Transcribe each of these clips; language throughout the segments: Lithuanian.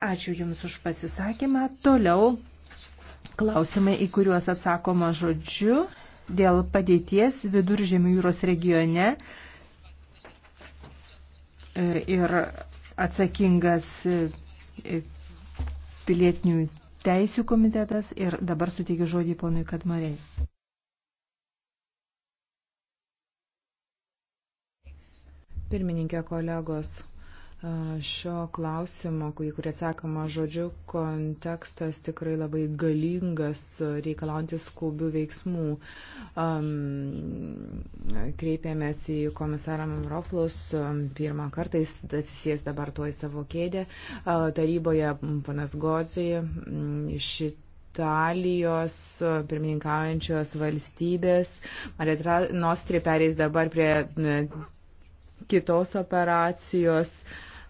Ačiū Jums už pasisakymą. Toliau klausimai, į kuriuos atsakoma žodžiu dėl padėties viduržėmių jūros regione e, ir atsakingas e, pilietinių teisių komitetas ir dabar suteikiu žodį ponui Kadmarei. Pirmininkė kolegos, šio klausimo, į kurį atsakoma žodžiu, kontekstas tikrai labai galingas, reikalaujantis skubių veiksmų. Um, kreipėmės į komisarą Mamroflus, pirmą kartą jis atsisės dabar tuo į savo kėdę. Uh, taryboje panas Gozijai šitą Italijos pirmininkaujančios valstybės. Marietra Nostri pereis dabar prie kitos operacijos. Uh,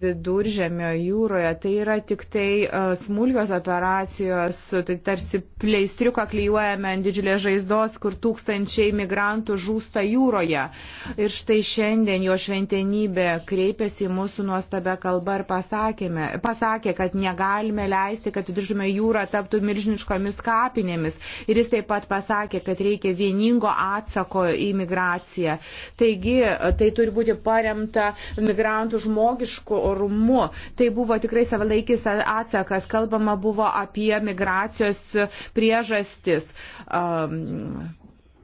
viduržėmio jūroje. Tai yra tik tai e, smulkios operacijos, tai tarsi pleistriuką klyjuojame ant didžiulės žaizdos, kur tūkstančiai migrantų žūsta jūroje. Ir štai šiandien jo šventenybė kreipėsi į mūsų nuostabę kalbą ir pasakė, kad negalime leisti, kad viduržėmio jūra taptų milžiniškomis kapinėmis. Ir jis taip pat pasakė, kad reikia vieningo atsako į migraciją. Taigi, e, tai turi būti paremta migrantų žmogiškų orumu. Tai buvo tikrai savalaikis atsakas, kalbama buvo apie migracijos priežastis. Um,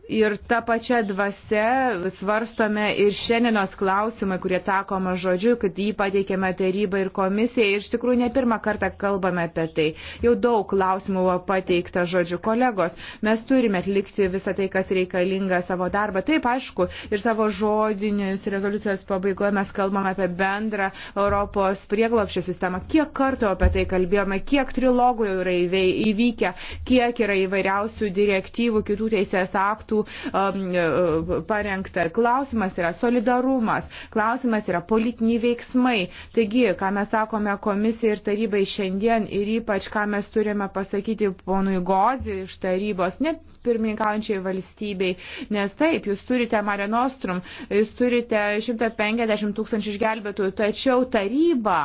Ir tą pačią dvasę svarstome ir šiandienos klausimai, kurie atsakoma žodžiu, kad jį pateikėme tarybai ir komisijai. Ir iš tikrųjų ne pirmą kartą kalbame apie tai. Jau daug klausimų buvo pateikta žodžiu kolegos. Mes turime atlikti visą tai, kas reikalinga savo darbą. Taip, aišku, ir savo žodinius rezoliucijos pabaigoje mes kalbame apie bendrą Europos prieglopščio sistemą. Kiek kartų apie tai kalbėjome, kiek trilogų jau yra įvykę, kiek yra įvairiausių direktyvų, kitų teisės aktų metų um, e, parengta. Klausimas yra solidarumas, klausimas yra politiniai veiksmai. Taigi, ką mes sakome komisijai ir tarybai šiandien ir ypač ką mes turime pasakyti ponui Gozi iš tarybos, net pirmininkaujančiai valstybei. Nes taip, jūs turite Mare Nostrum, jūs turite 150 tūkstančių išgelbėtųjų, tačiau taryba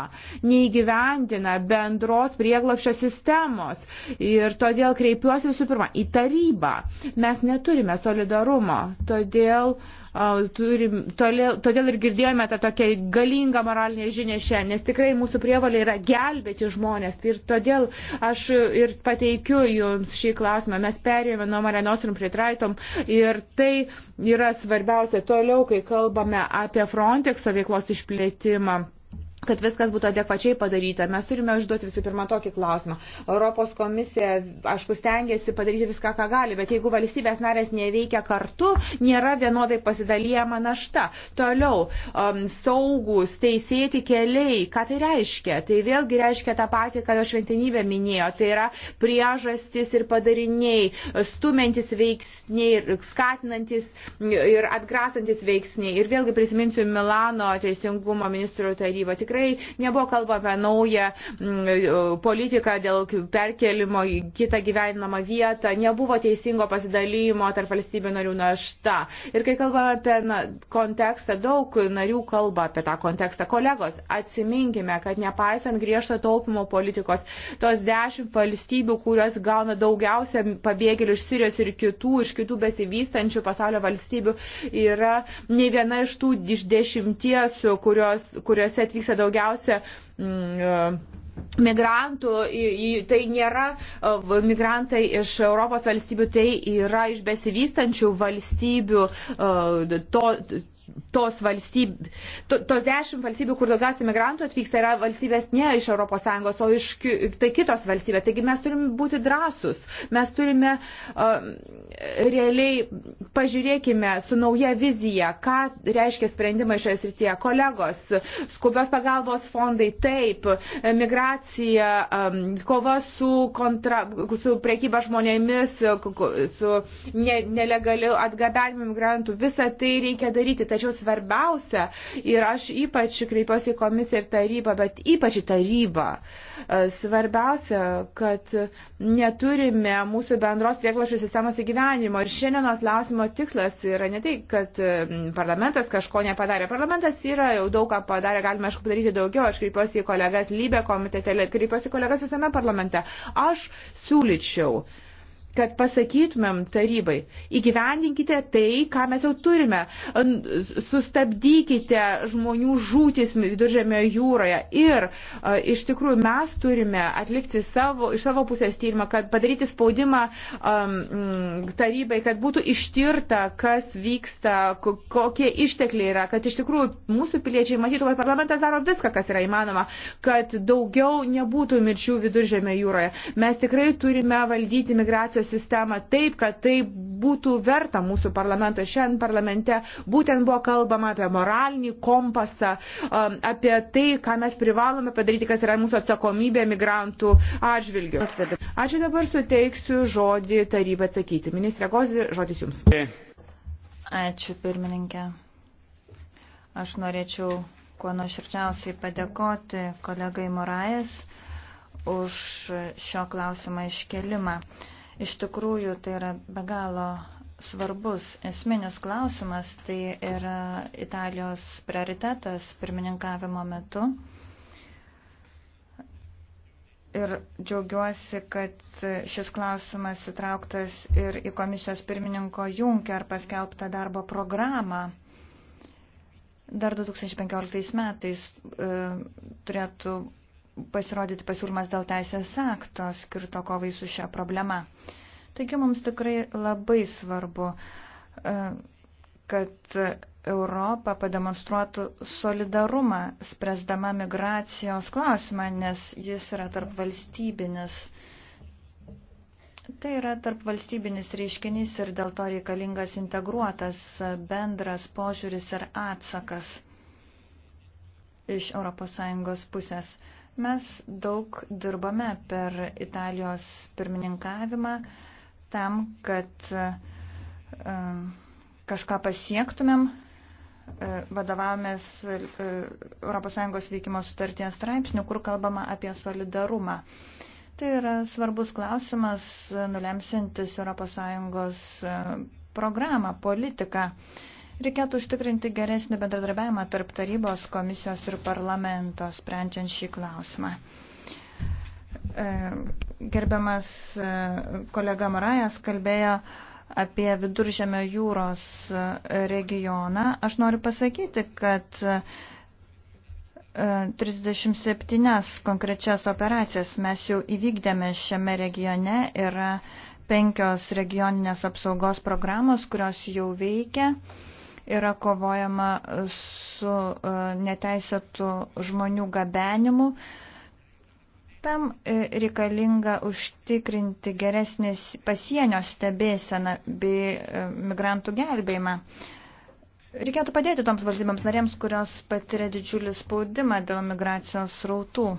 neįgyvendina bendros prieglapščio sistemos. Ir todėl kreipiuosi visų pirma į tarybą. Mes neturime solidarumo. Todėl uh, Turim, tolė, todėl ir girdėjome tą tokią galingą moralinę žinę šią, nes tikrai mūsų prievalė yra gelbėti žmonės. Ir todėl aš ir pateikiu jums šį klausimą. Mes perėjome nuo Marenostrum prie Traitom ir tai yra svarbiausia toliau, kai kalbame apie Frontexo veiklos išplėtimą kad viskas būtų adekvačiai padaryta. Mes turime užduoti visų pirma tokį klausimą. Europos komisija, aišku, stengiasi padaryti viską, ką gali, bet jeigu valstybės narės neveikia kartu, nėra vienodai pasidalyjama našta. Toliau, um, saugus, teisėti keliai, ką tai reiškia? Tai vėlgi reiškia tą patį, ką jo šventinybė minėjo. Tai yra priežastis ir padariniai, stumentis veiksniai, skatinantis ir atgrasantis veiksniai. Ir vėlgi prisiminsiu Milano teisingumo ministrų tarybą. Tik tikrai nebuvo kalba apie naują mm, politiką dėl perkelimo į kitą gyvenamą vietą, nebuvo teisingo pasidalymo tarp valstybių narių našta. Ir kai kalbame apie na, kontekstą, daug narių kalba apie tą kontekstą. Kolegos, atsiminkime, kad nepaisant griežto taupimo politikos, tos dešimt valstybių, kurios gauna daugiausia pabėgėlių iš Sirijos ir kitų, iš kitų besivystančių pasaulio valstybių, yra ne viena iš tų iš dešimties, kurios, kuriuose atvyksta daugiausia mm, e, migrantų, tai nėra e, migrantai iš Europos valstybių, tai yra iš besivystančių valstybių, e, to, tos valstybės, to, tos dešimt valstybių, kur daugiausiai migrantų atvyksta, yra valstybės ne iš ES, o iš tai kitos valstybės. Taigi mes turime būti drąsus, mes turime uh, realiai pažiūrėkime su nauja vizija, ką reiškia sprendimai šioje srityje. Kolegos, skubios pagalbos fondai, taip, migracija, um, kova su, kontra, su prekyba žmonėmis, su ne, nelegaliu atgabenimu migrantų, visą tai reikia daryti Tačiau svarbiausia, ir aš ypač kreipiuosi į komisiją ir tarybą, bet ypač į tarybą, e, svarbiausia, kad neturime mūsų bendros prieglašų sistemos įgyvenimo. Ir šiandienos klausimo tikslas yra ne tai, kad e, parlamentas kažko nepadarė. Parlamentas yra jau daug ką padarė, galime, aišku, padaryti daugiau. Aš kreipiuosi į kolegas Lybė komitete, kreipiuosi į kolegas visame parlamente. Aš siūlyčiau kad pasakytumėm tarybai, įgyvendinkite tai, ką mes jau turime, sustabdykite žmonių žūtis viduržėmio jūroje ir iš tikrųjų mes turime atlikti savo, iš savo pusės tyrimą, kad padaryti spaudimą um, tarybai, kad būtų ištirta, kas vyksta, kokie ištekliai yra, kad iš tikrųjų mūsų piliečiai matytų, kad parlamentas daro viską, kas yra įmanoma, kad daugiau nebūtų mirčių viduržėmio jūroje. Mes tikrai turime valdyti migracijos teisės sistemą taip, kad tai būtų verta mūsų parlamento. Šiandien parlamente būtent buvo kalbama apie moralinį kompasą, um, apie tai, ką mes privalome padaryti, kas yra mūsų atsakomybė migrantų atžvilgių. Ačiū dabar suteiksiu žodį tarybą atsakyti. Ministrė Gozi, žodis Jums. Ačiū pirmininkė. Aš norėčiau kuo nuoširdžiausiai padėkoti kolegai Morais už šio klausimo iškelimą. Iš tikrųjų, tai yra be galo svarbus esminis klausimas, tai yra Italijos prioritetas pirmininkavimo metu. Ir džiaugiuosi, kad šis klausimas įtrauktas ir į komisijos pirmininko Junker paskelbtą darbo programą. Dar 2015 metais e, turėtų pasirodyti pasiūlymas dėl teisės akto skirto kovai su šia problema. Taigi mums tikrai labai svarbu, e, kad Europa pademonstruotų solidarumą, spręsdama migracijos klausimą, nes jis yra tarp valstybinis. Tai yra tarp valstybinis reiškinys ir dėl to reikalingas integruotas bendras požiūris ir atsakas iš ES pusės. Mes daug dirbame per Italijos pirmininkavimą tam, kad um, kažką pasiektumėm. Uh, vadovavomės uh, ES veikimo sutarties straipsnių, kur kalbama apie solidarumą. Tai yra svarbus klausimas, nulemsintis ES uh, programą, politiką. Reikėtų užtikrinti geresnį bendradarbiavimą tarp tarybos, komisijos ir parlamento, sprendžiant šį klausimą. E, gerbiamas e, kolega Marajas kalbėjo apie viduržėmio jūros e, regioną. Aš noriu pasakyti, kad 37 konkrečias operacijas mes jau įvykdėme šiame regione. Yra penkios regioninės apsaugos programos, kurios jau veikia yra kovojama su e, neteisėtų žmonių gabenimu. Tam e, reikalinga užtikrinti geresnės pasienio stebėseną bei e, migrantų gelbėjimą. Reikėtų padėti toms valstybėms narėms, kurios patiria didžiulį spaudimą dėl migracijos rautų.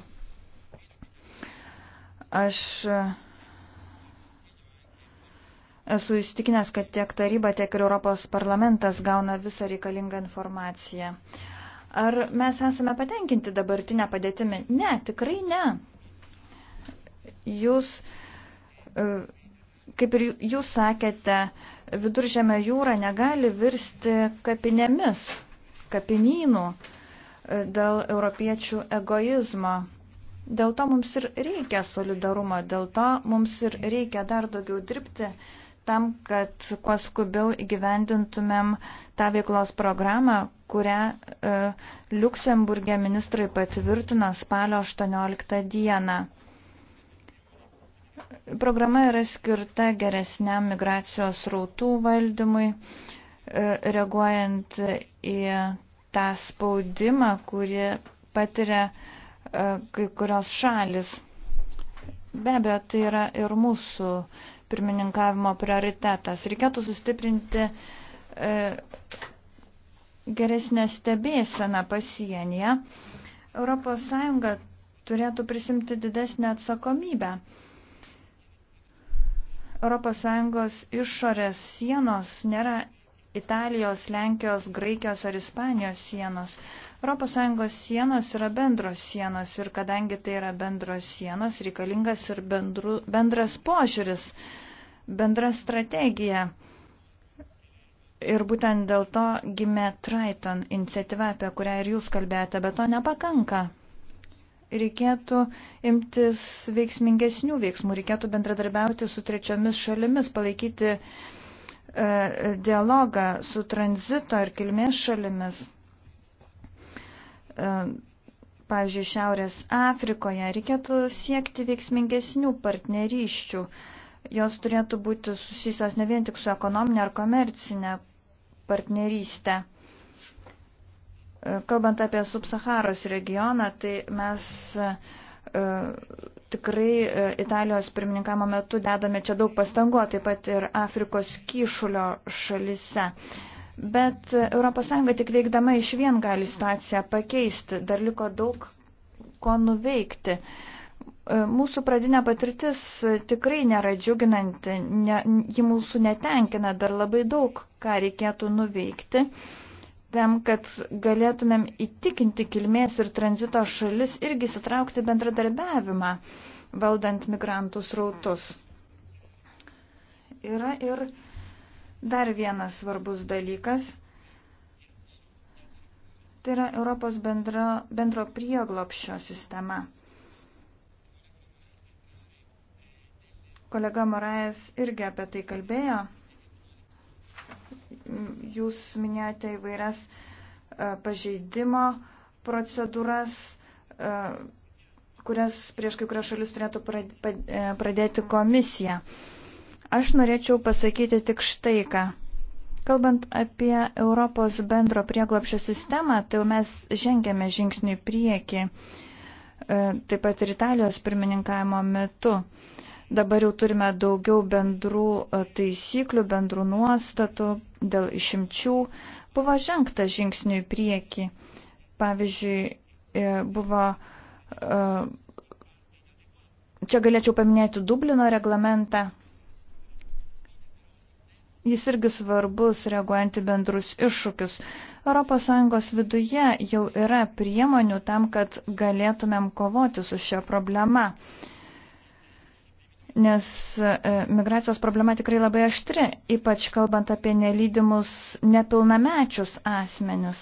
Aš Esu įstikinęs, kad tiek taryba, tiek ir Europos parlamentas gauna visą reikalingą informaciją. Ar mes esame patenkinti dabartinę padėtimį? Ne, tikrai ne. Jūs, e, kaip ir jūs sakėte, viduržėme jūra negali virsti kapinėmis, kapinynų e, dėl europiečių egoizmo. Dėl to mums ir reikia solidarumo, dėl to mums ir reikia dar daugiau dirbti tam, kad kuo skubiau įgyvendintumėm tą veiklos programą, kurią e, Luksemburgė ministrai patvirtino spalio 18 dieną. Programa yra skirta geresniam migracijos rautų valdymui, e, reaguojant į tą spaudimą, kurį patiria e, kai kurios šalis. Be abejo, tai yra ir mūsų pirmininkavimo prioritetas. Reikėtų sustiprinti e, geresnę stebėseną pasienyje. ES turėtų prisimti didesnę atsakomybę. ES išorės sienos nėra Italijos, Lenkijos, Graikijos ar Ispanijos sienos. ES sienos yra bendros sienos ir kadangi tai yra bendros sienos, reikalingas ir bendru, bendras požiūris, bendra strategija. Ir būtent dėl to gimė Triton iniciatyva, apie kurią ir jūs kalbėjote, bet to nepakanka. Reikėtų imtis veiksmingesnių veiksmų, reikėtų bendradarbiauti su trečiomis šalimis, palaikyti e, dialogą su tranzito ir kilmės šalimis. E, pavyzdžiui, Šiaurės Afrikoje reikėtų siekti veiksmingesnių partneryščių. Jos turėtų būti susijusios ne vien tik su ekonominė ar komercinė partnerystė. E, kalbant apie subsaharos regioną, tai mes e, tikrai Italijos pirmininkamo metu dedame čia daug pastangų, taip pat ir Afrikos kyšulio šalise. Bet ES tik veikdama iš vien gali situaciją pakeisti. Dar liko daug ko nuveikti. E, mūsų pradinė patirtis tikrai nėra džiuginanti, ne, ji mūsų netenkina, dar labai daug ką reikėtų nuveikti tam, kad galėtumėm įtikinti kilmės ir tranzito šalis irgi sitraukti bendradarbiavimą, valdant migrantų srautus. Yra ir. ir Dar vienas svarbus dalykas. Tai yra Europos bendro, bendro prieglopščio sistema. Kolega Moraes irgi apie tai kalbėjo. Jūs minėjote įvairias e, pažeidimo procedūras, e, kurias prieš kai kurias šalis turėtų e, pradėti komisija. Aš norėčiau pasakyti tik štai ką. Kalbant apie Europos bendro prieglopšio sistemą, tai jau mes žengėme žingsnių į priekį, e, taip pat ir Italijos pirmininkavimo metu. Dabar jau turime daugiau bendrų e, taisyklių, bendrų nuostatų dėl išimčių. Buvo žengta žingsnių į priekį. Pavyzdžiui, e, buvo Čia galėčiau paminėti Dublino reglamentą, jis irgi svarbus reaguojant į bendrus iššūkius. ES viduje jau yra priemonių tam, kad galėtumėm kovoti su šia problema. Nes e, migracijos problema tikrai labai aštri, ypač kalbant apie nelydimus nepilnamečius asmenis.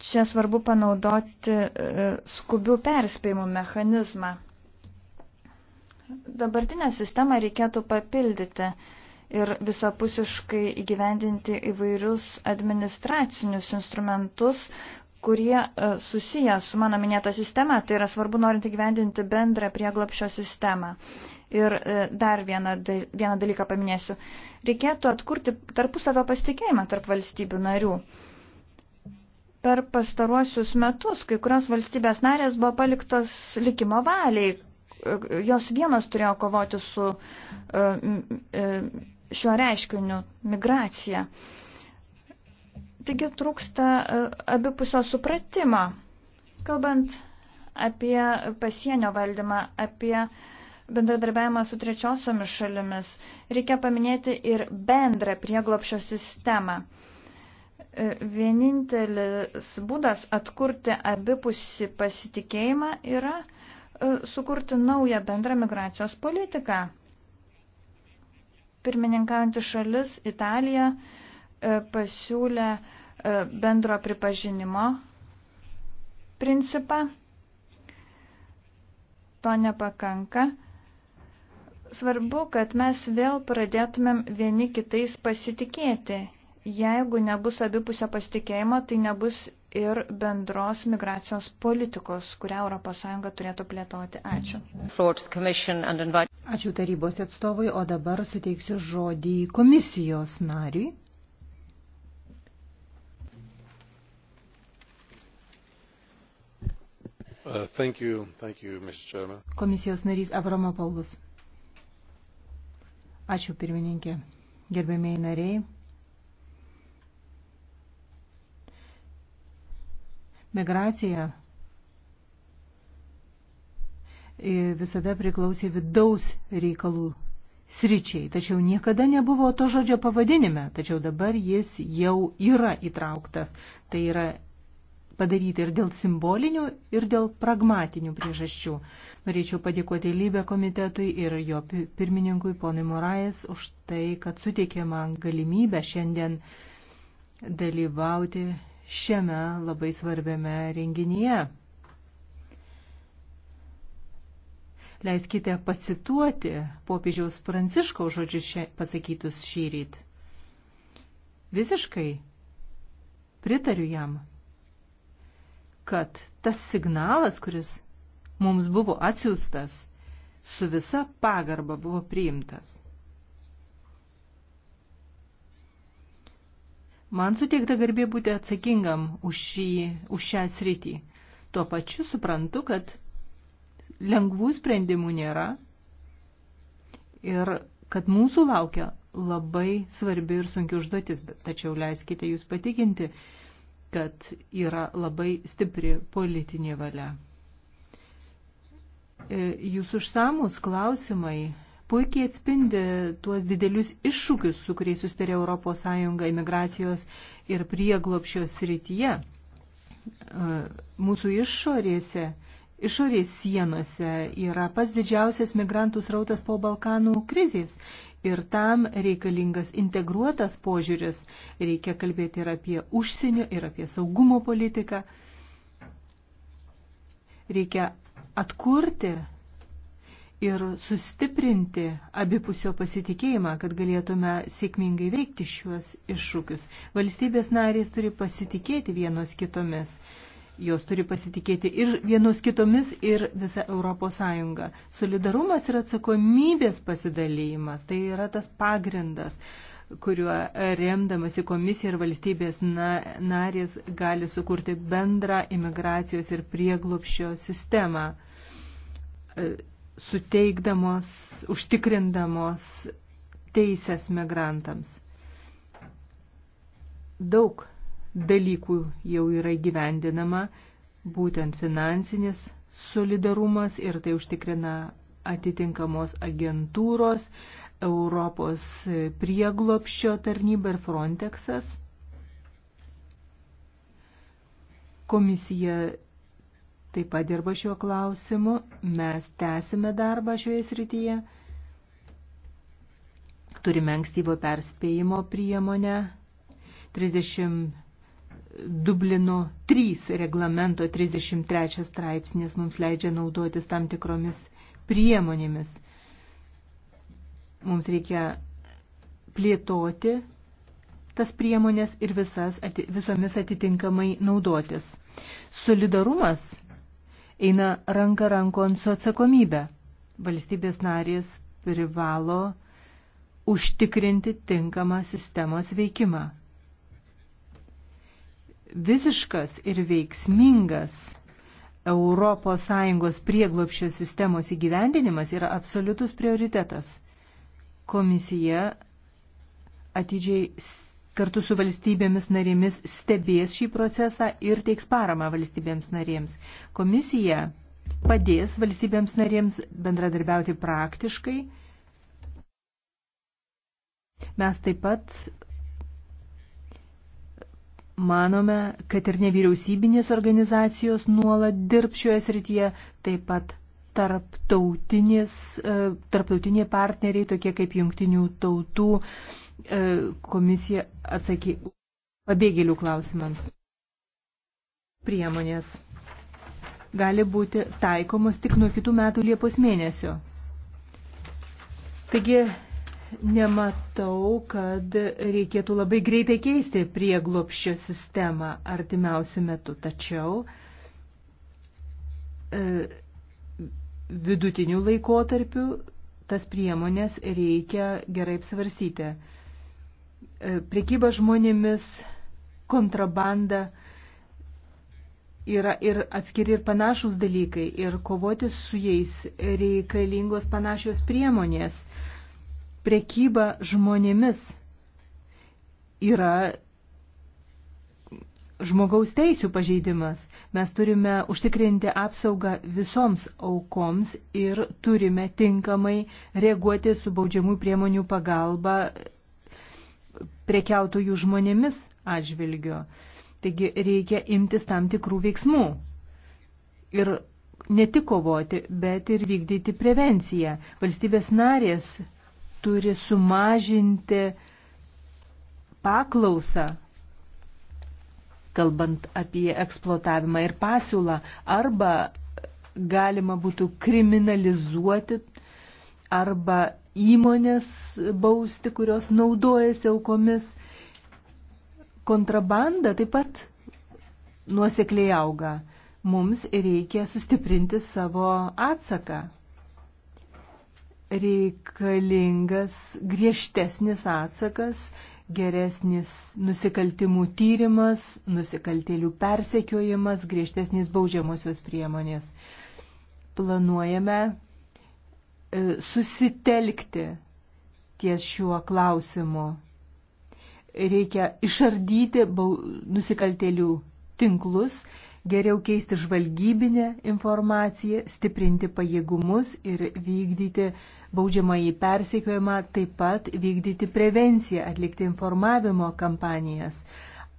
Čia svarbu panaudoti e, skubių perspėjimų mechanizmą. Dabartinę sistemą reikėtų papildyti ir visapusiškai įgyvendinti įvairius administracinius instrumentus, kurie e, susiję su mano minėta sistema, tai yra svarbu norint įgyvendinti bendrą prieglapšio sistemą. Ir e, dar vieną, vieną dalyką paminėsiu. Reikėtų atkurti tarpusavio pasitikėjimą tarp valstybių narių. Per pastaruosius metus kai kurios valstybės narės buvo paliktos likimo valiai, e, jos vienos turėjo kovoti su uh, uh, šiuo reiškiniu - migracija. Taigi trūksta e, abipusio supratimo, kalbant apie pasienio valdymą, apie bendradarbiavimą su trečiosiomis šalimis. Reikia paminėti ir bendrą prieglopšio sistemą. E, vienintelis būdas atkurti abipusį pasitikėjimą yra e, sukurti naują bendrą migracijos politiką pirmininkaujantis šalis Italija e, pasiūlė e, bendro pripažinimo principą. To nepakanka. Svarbu, kad mes vėl pradėtumėm vieni kitais pasitikėti. Jeigu nebus abipusio pasitikėjimo, tai nebus ir bendros migracijos politikos, kurią ES turėtų plėtoti. Ačiū. Ačiū tarybos atstovui, o dabar suteiksiu žodį komisijos nariui. Uh, thank you, thank you, Komisijos narys Avramo Paulus. Ačiū pirmininkė. Gerbėmiai nariai. Migracija visada priklausė vidaus reikalų sričiai, tačiau niekada nebuvo to žodžio pavadinime, tačiau dabar jis jau yra įtrauktas. Tai yra padaryti ir dėl simbolinių, ir dėl pragmatinių priežasčių. Norėčiau padėkoti Lybė komitetui ir jo pirmininkui ponui Morais už tai, kad suteikė man galimybę šiandien dalyvauti šiame labai svarbiame renginyje. Leiskite pacituoti popiežiaus Pranciškaus žodžius pasakytus šį ryt. Visiškai pritariu jam, kad tas signalas, kuris mums buvo atsiųstas, su visa pagarba buvo priimtas. Man suteikta garbė būti atsakingam už, šį, už šią sritį. Tuo pačiu suprantu, kad lengvų sprendimų nėra ir kad mūsų laukia labai svarbi ir sunki užduotis, bet tačiau leiskite jūs patikinti, kad yra labai stipri politinė valia. E, Jūsų užsamus klausimai puikiai atspindi tuos didelius iššūkius, su kuriais sustarė ES imigracijos ir prieglopšio srityje. E, mūsų išorėse, išorės sienose yra pas didžiausias migrantų srautas po Balkanų krizės ir tam reikalingas integruotas požiūris. Reikia kalbėti ir apie užsienio, ir apie saugumo politiką. Reikia atkurti ir sustiprinti abipusio pasitikėjimą, kad galėtume sėkmingai veikti šiuos iššūkius. Valstybės narės turi pasitikėti vienos kitomis. Jos turi pasitikėti ir vienos kitomis, ir visą Europos Sąjungą. Solidarumas ir atsakomybės pasidalymas tai yra tas pagrindas, kuriuo remdamasi komisija ir valstybės narės gali sukurti bendrą imigracijos ir prieglopščio sistemą suteikdamos, užtikrindamos teisės migrantams. Daug dalykų jau yra gyvendinama, būtent finansinis solidarumas ir tai užtikrina atitinkamos agentūros, Europos prieglopščio tarnyba ir Frontexas. Komisija taip pat dirba šiuo klausimu. Mes tęsime darbą šioje srityje. Turime ankstyvo perspėjimo priemonę 30 Dublino 3 reglamento 33 straipsnis mums leidžia naudotis tam tikromis priemonėmis. Mums reikia plėtoti tas priemonės ir visas, visomis atitinkamai naudotis. Solidarumas eina ranka rankon su atsakomybė. Valstybės narės privalo užtikrinti tinkamą sistemos veikimą. Visiškas ir veiksmingas ES prieglopščio sistemos įgyvendinimas yra absoliutus prioritetas. Komisija atidžiai kartu su valstybėmis narėmis stebės šį procesą ir teiks paramą valstybėms narėms. Komisija padės valstybėms narėms bendradarbiauti praktiškai. Mes taip pat manome, kad ir nevyriausybinės organizacijos nuolat dirb šioje srityje, taip pat tarptautinės, e, tarptautiniai partneriai, tokie kaip jungtinių tautų E, komisija atsakė pabėgėlių klausimams. Priemonės gali būti taikomos tik nuo kitų metų Liepos mėnesio. Taigi nematau, kad reikėtų labai greitai keisti prieglopščio sistemą artimiausių metų, tačiau e, vidutinių laikotarpių tas priemonės reikia gerai apsvarstyti. E, prekyba žmonėmis, kontrabanda yra ir atskiri ir panašus dalykai ir kovoti su jais reikalingos panašios priemonės. Prekyba žmonėmis yra žmogaus teisų pažeidimas. Mes turime užtikrinti apsaugą visoms aukoms ir turime tinkamai reaguoti su baudžiamų priemonių pagalba prekiautojų žmonėmis atžvilgiu. Taigi reikia imtis tam tikrų veiksmų. Ir ne tik kovoti, bet ir vykdyti prevenciją. Valstybės narės turi sumažinti paklausą, kalbant apie eksploatavimą ir pasiūlą, arba galima būtų kriminalizuoti arba įmonės bausti, kurios naudojasi aukomis. Kontrabanda taip pat nuosekliai auga. Mums reikia sustiprinti savo atsaką. Reikalingas griežtesnis atsakas, geresnis nusikaltimų tyrimas, nusikaltėlių persekiojimas, griežtesnis baudžiamosios priemonės. Planuojame E, susitelkti ties šiuo klausimu. Reikia išardyti nusikaltėlių tinklus, geriau keisti žvalgybinę informaciją, stiprinti pajėgumus ir vykdyti baudžiamąjį persekiojimą, taip pat vykdyti prevenciją, atlikti informavimo kampanijas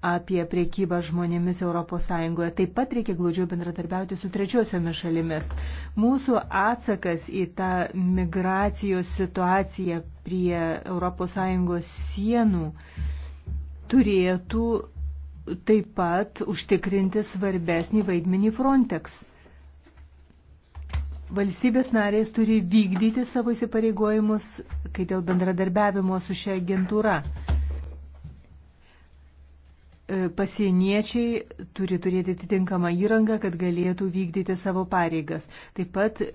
apie priekybą žmonėmis ES. Taip pat reikia glaudžiau bendradarbiauti su trečiosiomis šalimis. Mūsų atsakas į tą migracijos situaciją prie ES sienų turėtų taip pat užtikrinti svarbesnį vaidmenį Frontex. Valstybės narės turi vykdyti savo įsipareigojimus, kai dėl bendradarbiavimo su šia agentūra. E, pasieniečiai turi turėti atitinkamą įrangą, kad galėtų vykdyti savo pareigas. Taip pat e,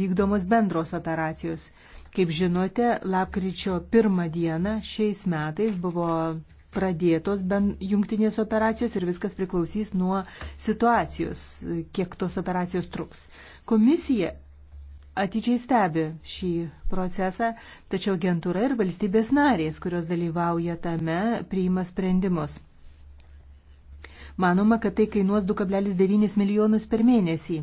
vykdomos bendros operacijos. Kaip žinote, lapkričio pirmą dieną šiais metais buvo pradėtos bent jungtinės operacijos ir viskas priklausys nuo situacijos, e, kiek tos operacijos truks. Komisija atidžiai stebi šį procesą, tačiau agentūra ir valstybės narės, kurios dalyvauja tame, priima sprendimus. Manoma, kad tai kainuos 2,9 milijonus per mėnesį.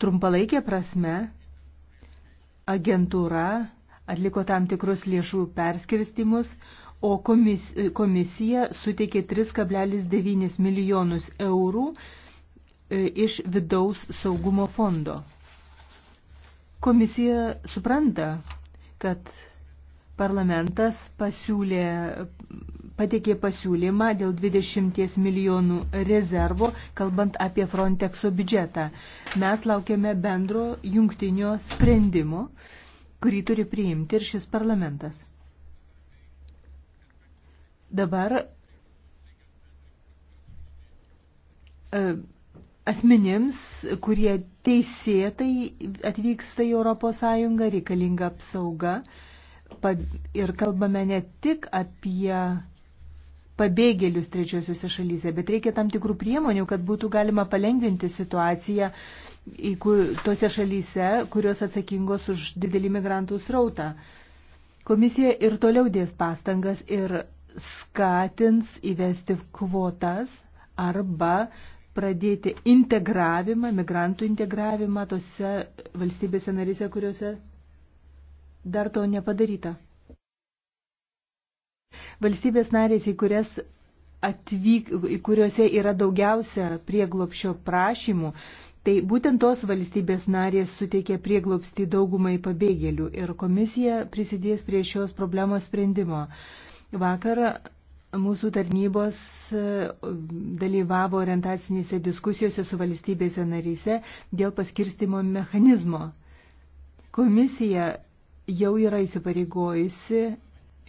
Trumpalaikė prasme agentūra atliko tam tikrus lėšų perskirstimus, o komis, komisija suteikė 3,9 milijonus eurų e, iš vidaus saugumo fondo. Komisija supranta, kad parlamentas pasiūlė, patikė pasiūlymą dėl 20 milijonų rezervo, kalbant apie Frontexo biudžetą. Mes laukiame bendro jungtinio sprendimo, kurį turi priimti ir šis parlamentas. Dabar e, asmenims, kurie teisėtai atvyksta į ES, reikalinga apsauga ir kalbame ne tik apie pabėgėlius trečiosiuose šalyse, bet reikia tam tikrų priemonių, kad būtų galima palengvinti situaciją tose šalyse, kurios atsakingos už didelį migrantų srautą. Komisija ir toliau dės pastangas ir skatins įvesti kvotas arba pradėti integravimą, migrantų integravimą tose valstybėse narise, kuriuose dar to nepadaryta. Valstybės narės, į kurias atvyk, kuriuose yra daugiausia prieglopšio prašymų, tai būtent tos valstybės narės suteikia prieglopstį daugumai pabėgėlių ir komisija prisidės prie šios problemos sprendimo. Vakar Mūsų tarnybos e, dalyvavo orientacinėse diskusijose su valstybėse narise dėl paskirstimo mechanizmo. Komisija jau yra įsipareigojusi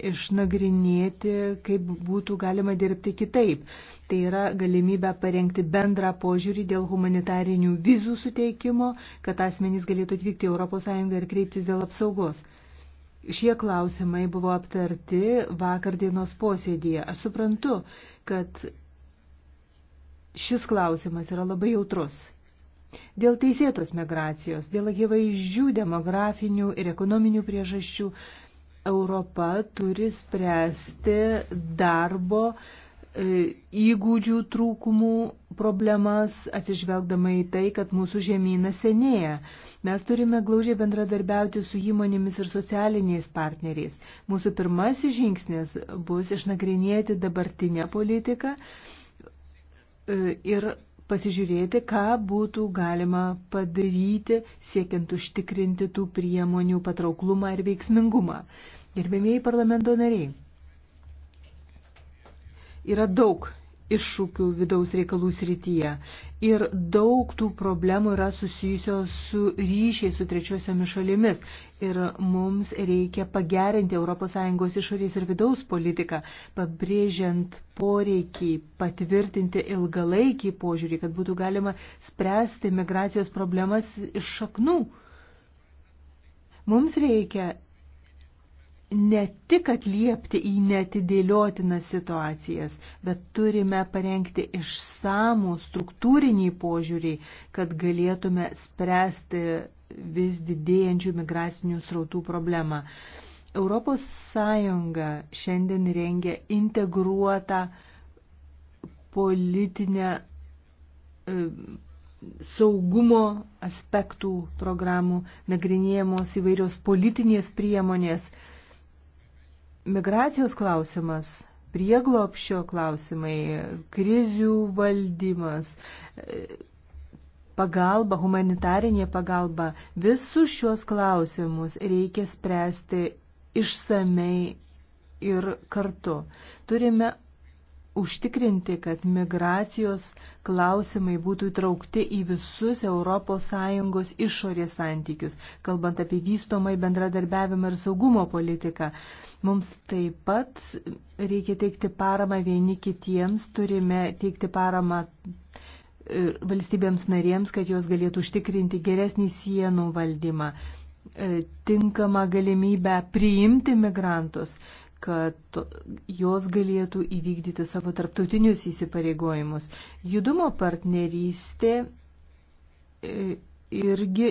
išnagrinėti, kaip būtų galima dirbti kitaip. Tai yra galimybė parengti bendrą požiūrį dėl humanitarinių vizų suteikimo, kad asmenys galėtų atvykti į ES ir kreiptis dėl apsaugos. Šie klausimai buvo aptarti vakar dienos posėdėje. Aš suprantu, kad šis klausimas yra labai jautrus. Dėl teisėtos migracijos, dėl akivaizdžių demografinių ir ekonominių priežasčių Europa turi spręsti darbo e, įgūdžių trūkumų problemas, atsižvelgdama į tai, kad mūsų žemynas senėja. Mes turime glaužiai bendradarbiauti su įmonėmis ir socialiniais partneriais. Mūsų pirmasis žingsnis bus išnagrinėti dabartinę politiką e, ir pasižiūrėti, ką būtų galima padaryti, siekiant užtikrinti tų priemonių patrauklumą ir veiksmingumą. Gerbėmėjai parlamento nariai, yra daug iššūkių vidaus reikalų srityje. Ir daug tų problemų yra susijusios su ryšiai su trečiosiomis šalimis. Ir mums reikia pagerinti ES išorės ir vidaus politiką, pabrėžiant poreikį patvirtinti ilgalaikį požiūrį, kad būtų galima spręsti migracijos problemas iš šaknų. Mums reikia ne tik atliepti į netidėliotinas situacijas, bet turime parengti išsamų struktūrinį požiūrį, kad galėtume spręsti vis didėjančių migracinių srautų problemą. Europos Sąjunga šiandien rengia integruotą politinę e, saugumo aspektų programų, nagrinėjamos įvairios politinės priemonės, migracijos klausimas, prieglopšio klausimai, krizių valdymas, pagalba, humanitarinė pagalba, visus šios klausimus reikia spręsti išsamei ir kartu. Turime užtikrinti, kad migracijos klausimai būtų įtraukti į visus ES išorės santykius, kalbant apie vystomai bendradarbiavimą ir saugumo politiką. Mums taip pat reikia teikti paramą vieni kitiems, turime teikti paramą e, valstybėms narėms, kad jos galėtų užtikrinti geresnį sienų valdymą e, tinkamą galimybę priimti migrantus, kad jos galėtų įvykdyti savo tarptautinius įsipareigojimus. Judumo partnerystė e, irgi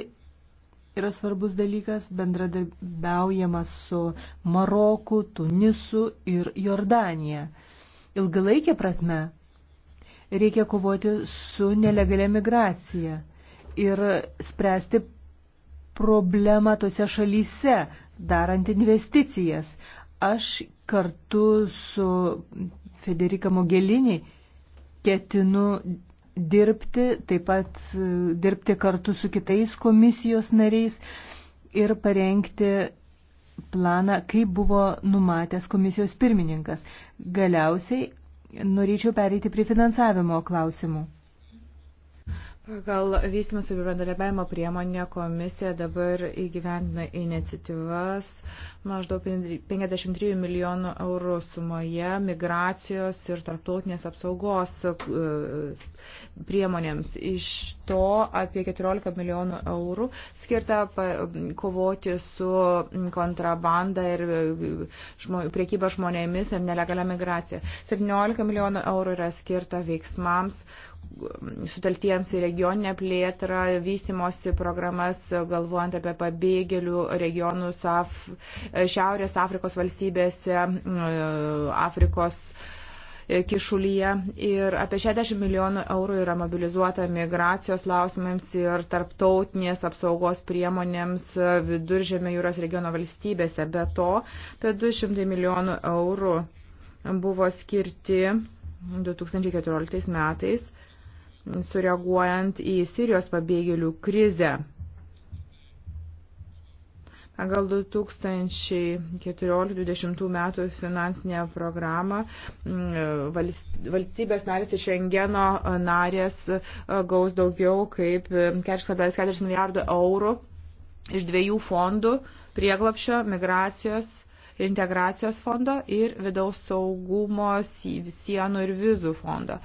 yra svarbus dalykas bendradarbiaujamas su Maroku, Tunisu ir Jordanija. Ilgalaikė prasme reikia kovoti su nelegalia migracija ir spręsti problemą tose šalyse, darant investicijas. Aš kartu su Federika Mogelinį ketinu dirbti, taip pat e, dirbti kartu su kitais komisijos nariais ir parengti planą, kaip buvo numatęs komisijos pirmininkas. Galiausiai norėčiau pereiti prie finansavimo klausimų. Pagal vystymas ir bendradarbiavimo priemonė komisija dabar įgyvendina iniciatyvas maždaug 53 milijonų eurų sumoje migracijos ir tarptautinės apsaugos e, priemonėms. Iš to apie 14 milijonų eurų skirta kovoti su kontrabanda ir e, žmo, priekyba žmonėmis ir nelegalia migracija. 17 milijonų eurų yra skirta veiksmams sutelktiems į regioninę plėtrą, vystimosi programas, galvojant apie pabėgėlių regionus Af Šiaurės Afrikos valstybėse, Afrikos e, kišulyje ir apie 60 milijonų eurų yra mobilizuota migracijos klausimams ir tarptautinės apsaugos priemonėms e, viduržėmio jūros regiono valstybėse. Be to, apie 200 milijonų eurų buvo skirti 2014 metais sureaguojant į Sirijos pabėgėlių krizę. Pagal 2014-2020 metų finansinę programą mm, valstybės narės iš Engeno narės e, gaus daugiau kaip 4,4 milijardų eurų iš dviejų fondų - prieglapšio, migracijos ir integracijos fondo ir vidaus saugumo sienų ir vizų fondo. Uh,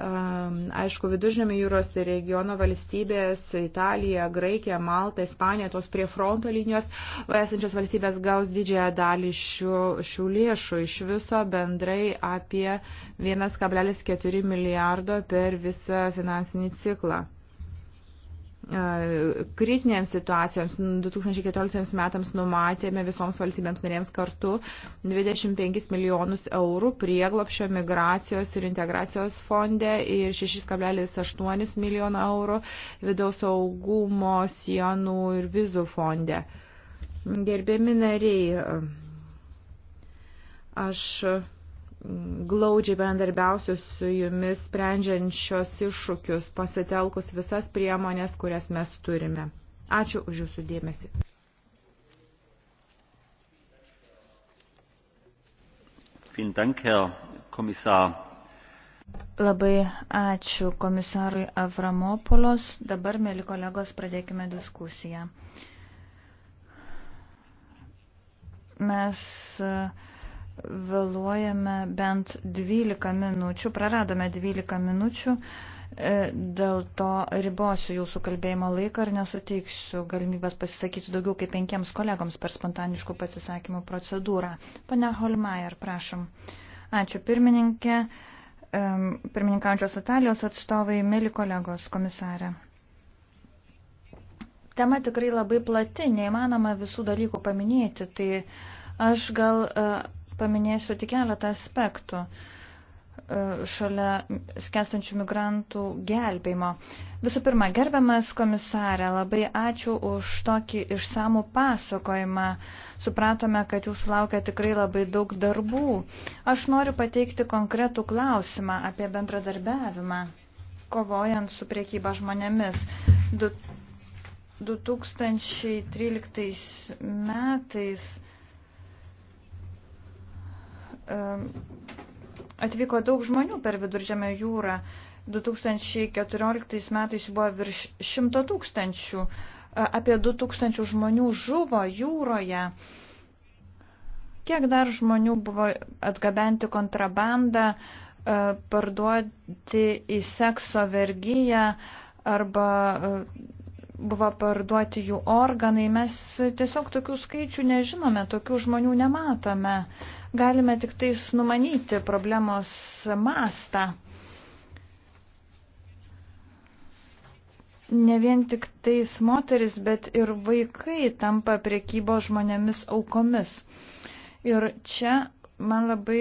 Aišku, viduržėmio jūros regiono valstybės - Italija, Graikija, Malta, Ispanija, tos prie fronto linijos esančios valstybės gaus didžiąją dalį šių, šių lėšų. Iš viso bendrai apie 1,4 milijardo per visą finansinį ciklą kritinėms situacijoms 2014 metams numatėme visoms valstybėms narėms kartu 25 milijonus eurų prieglopšio migracijos ir integracijos fonde ir 6,8 milijono eurų vidaus saugumo sienų ir vizų fonde. Gerbėmi nariai, aš glaudžiai bendarbiausiu su jumis sprendžiant šios iššūkius, pasitelkus visas priemonės, kurias mes turime. Ačiū už jūsų dėmesį. Dank, Labai ačiū komisarui Avramopolos. Dabar, mėly kolegos, pradėkime diskusiją. Mes uh, vėluojame bent 12 minučių, praradome 12 minučių, e, dėl to ribosiu jūsų kalbėjimo laiką ir nesuteiksiu galimybės pasisakyti daugiau kaip penkiems kolegoms per spontaniškų pasisakymų procedūrą. Pane Holmeier, prašom. Ačiū pirmininkė, pirmininkaujančios Italijos atstovai, mėly kolegos, komisarė. Tema tikrai labai plati, neįmanoma visų dalykų paminėti, tai aš gal e, paminėsiu tik keletą aspektų e, šalia skęstančių migrantų gelbėjimo. Visų pirma, gerbiamas komisarė, labai ačiū už tokį išsamų pasakojimą. Supratome, kad jūs laukia tikrai labai daug darbų. Aš noriu pateikti konkretų klausimą apie bendradarbiavimą, kovojant su priekyba žmonėmis. Du, 2013 metais atvyko daug žmonių per viduržėmę jūrą. 2014 metais buvo virš 100 tūkstančių, e, apie 2 tūkstančių žmonių žuvo jūroje. Kiek dar žmonių buvo atgabenti kontrabandą, e, parduoti į sekso vergyją arba e, buvo parduoti jų organai. Mes tiesiog tokių skaičių nežinome, tokių žmonių nematome. Galime tik tais numanyti problemos mastą. Ne vien tik tais moteris, bet ir vaikai tampa priekybo žmonėmis aukomis. Ir čia man labai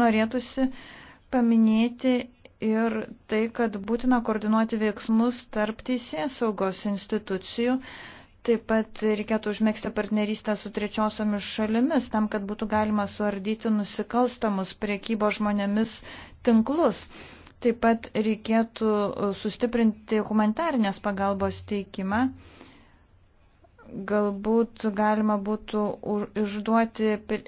norėtųsi paminėti ir tai, kad būtina koordinuoti veiksmus tarp teisės saugos institucijų. Taip pat reikėtų užmėgsti partnerystę su trečiosiomis šalimis, tam, kad būtų galima suardyti nusikalstamus priekybo žmonėmis tinklus. Taip pat reikėtų sustiprinti humanitarnės pagalbos teikimą. Galbūt galima būtų išduoti e,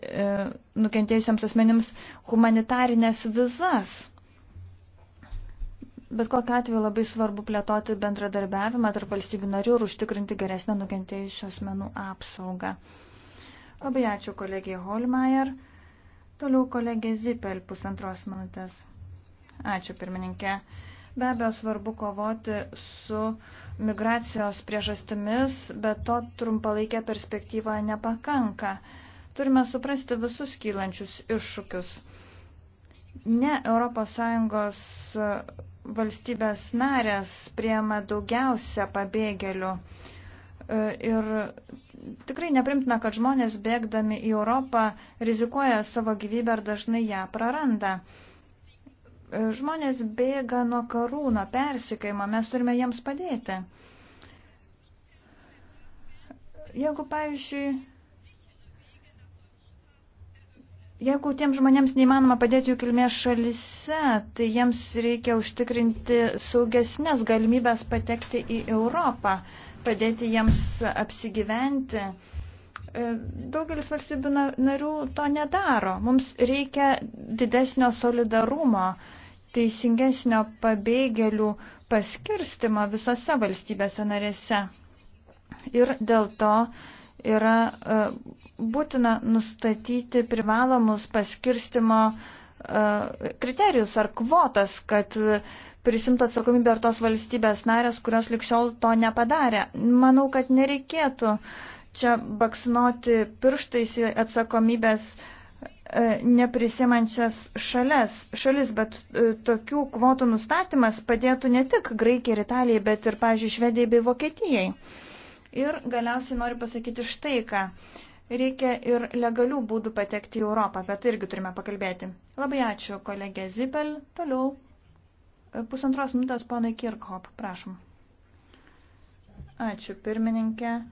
nukentėjusiems asmenims humanitarinės vizas Bet kokiu atveju labai svarbu plėtoti bendradarbiavimą tarp valstybių narių ir užtikrinti geresnę nukentėjusių asmenų apsaugą. Labai ačiū kolegijai Holmeier. Toliau kolegė Zipel pusantros minutės. Ačiū pirmininkė. Be abejo, svarbu kovoti su migracijos priežastimis, bet to trumpalaikė perspektyva nepakanka. Turime suprasti visus kylančius iššūkius Ne ES e, valstybės narės priema daugiausia pabėgėlių. E, ir tikrai neprimtina, kad žmonės bėgdami į Europą rizikuoja savo gyvybę ir dažnai ją praranda. E, žmonės bėga nuo karų, nuo persikaimo, mes turime jiems padėti. Jeigu, pavyzdžiui, Jeigu tiems žmonėms neįmanoma padėti jų kilmės šalise, tai jiems reikia užtikrinti saugesnės galimybės patekti į Europą, padėti jiems apsigyventi. E, daugelis valstybių narių to nedaro. Mums reikia didesnio solidarumo, teisingesnio pabėgėlių paskirstimo visose valstybėse narėse. Ir dėl to uh, yra e, būtina nustatyti privalomus paskirstimo e, kriterijus ar kvotas, kad prisimtų atsakomybę ar tos valstybės narės, kurios likščiol to nepadarė. Manau, kad nereikėtų čia baksnoti pirštais į atsakomybės e, neprisimančias šalis, šalis, bet tokių kvotų nustatymas padėtų ne tik Graikijai ir Italijai, bet ir, pažiūrėjau, Švedijai bei Vokietijai. Ir galiausiai noriu pasakyti štai ką. Reikia ir legalių būdų patekti į Europą, apie tai irgi turime pakalbėti. Labai ačiū, kolegė Zipel. Toliau e, pusantros minutės ponai Kirkhop, prašom. Ačiū, pirmininkė e,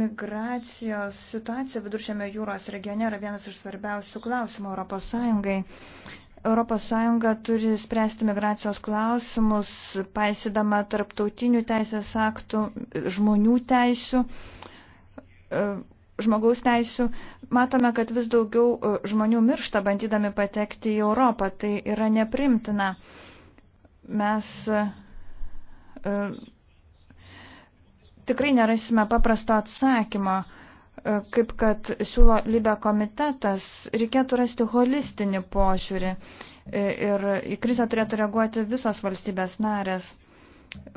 migracijos situacija viduršėme jūros regione yra vienas iš svarbiausių klausimų Europos Sąjungai. ES turi spręsti migracijos klausimus, paisydama tarptautinių teisės aktų, žmonių teisių, e, žmogaus teisių. Matome, kad vis daugiau e, žmonių miršta bandydami patekti į Europą. Tai yra neprimtina. Mes e, tikrai nerasime paprasto atsakymo. E, kaip kad siūlo Libė komitetas, reikėtų rasti holistinį požiūrį e, ir į krizę turėtų reaguoti visos valstybės narės.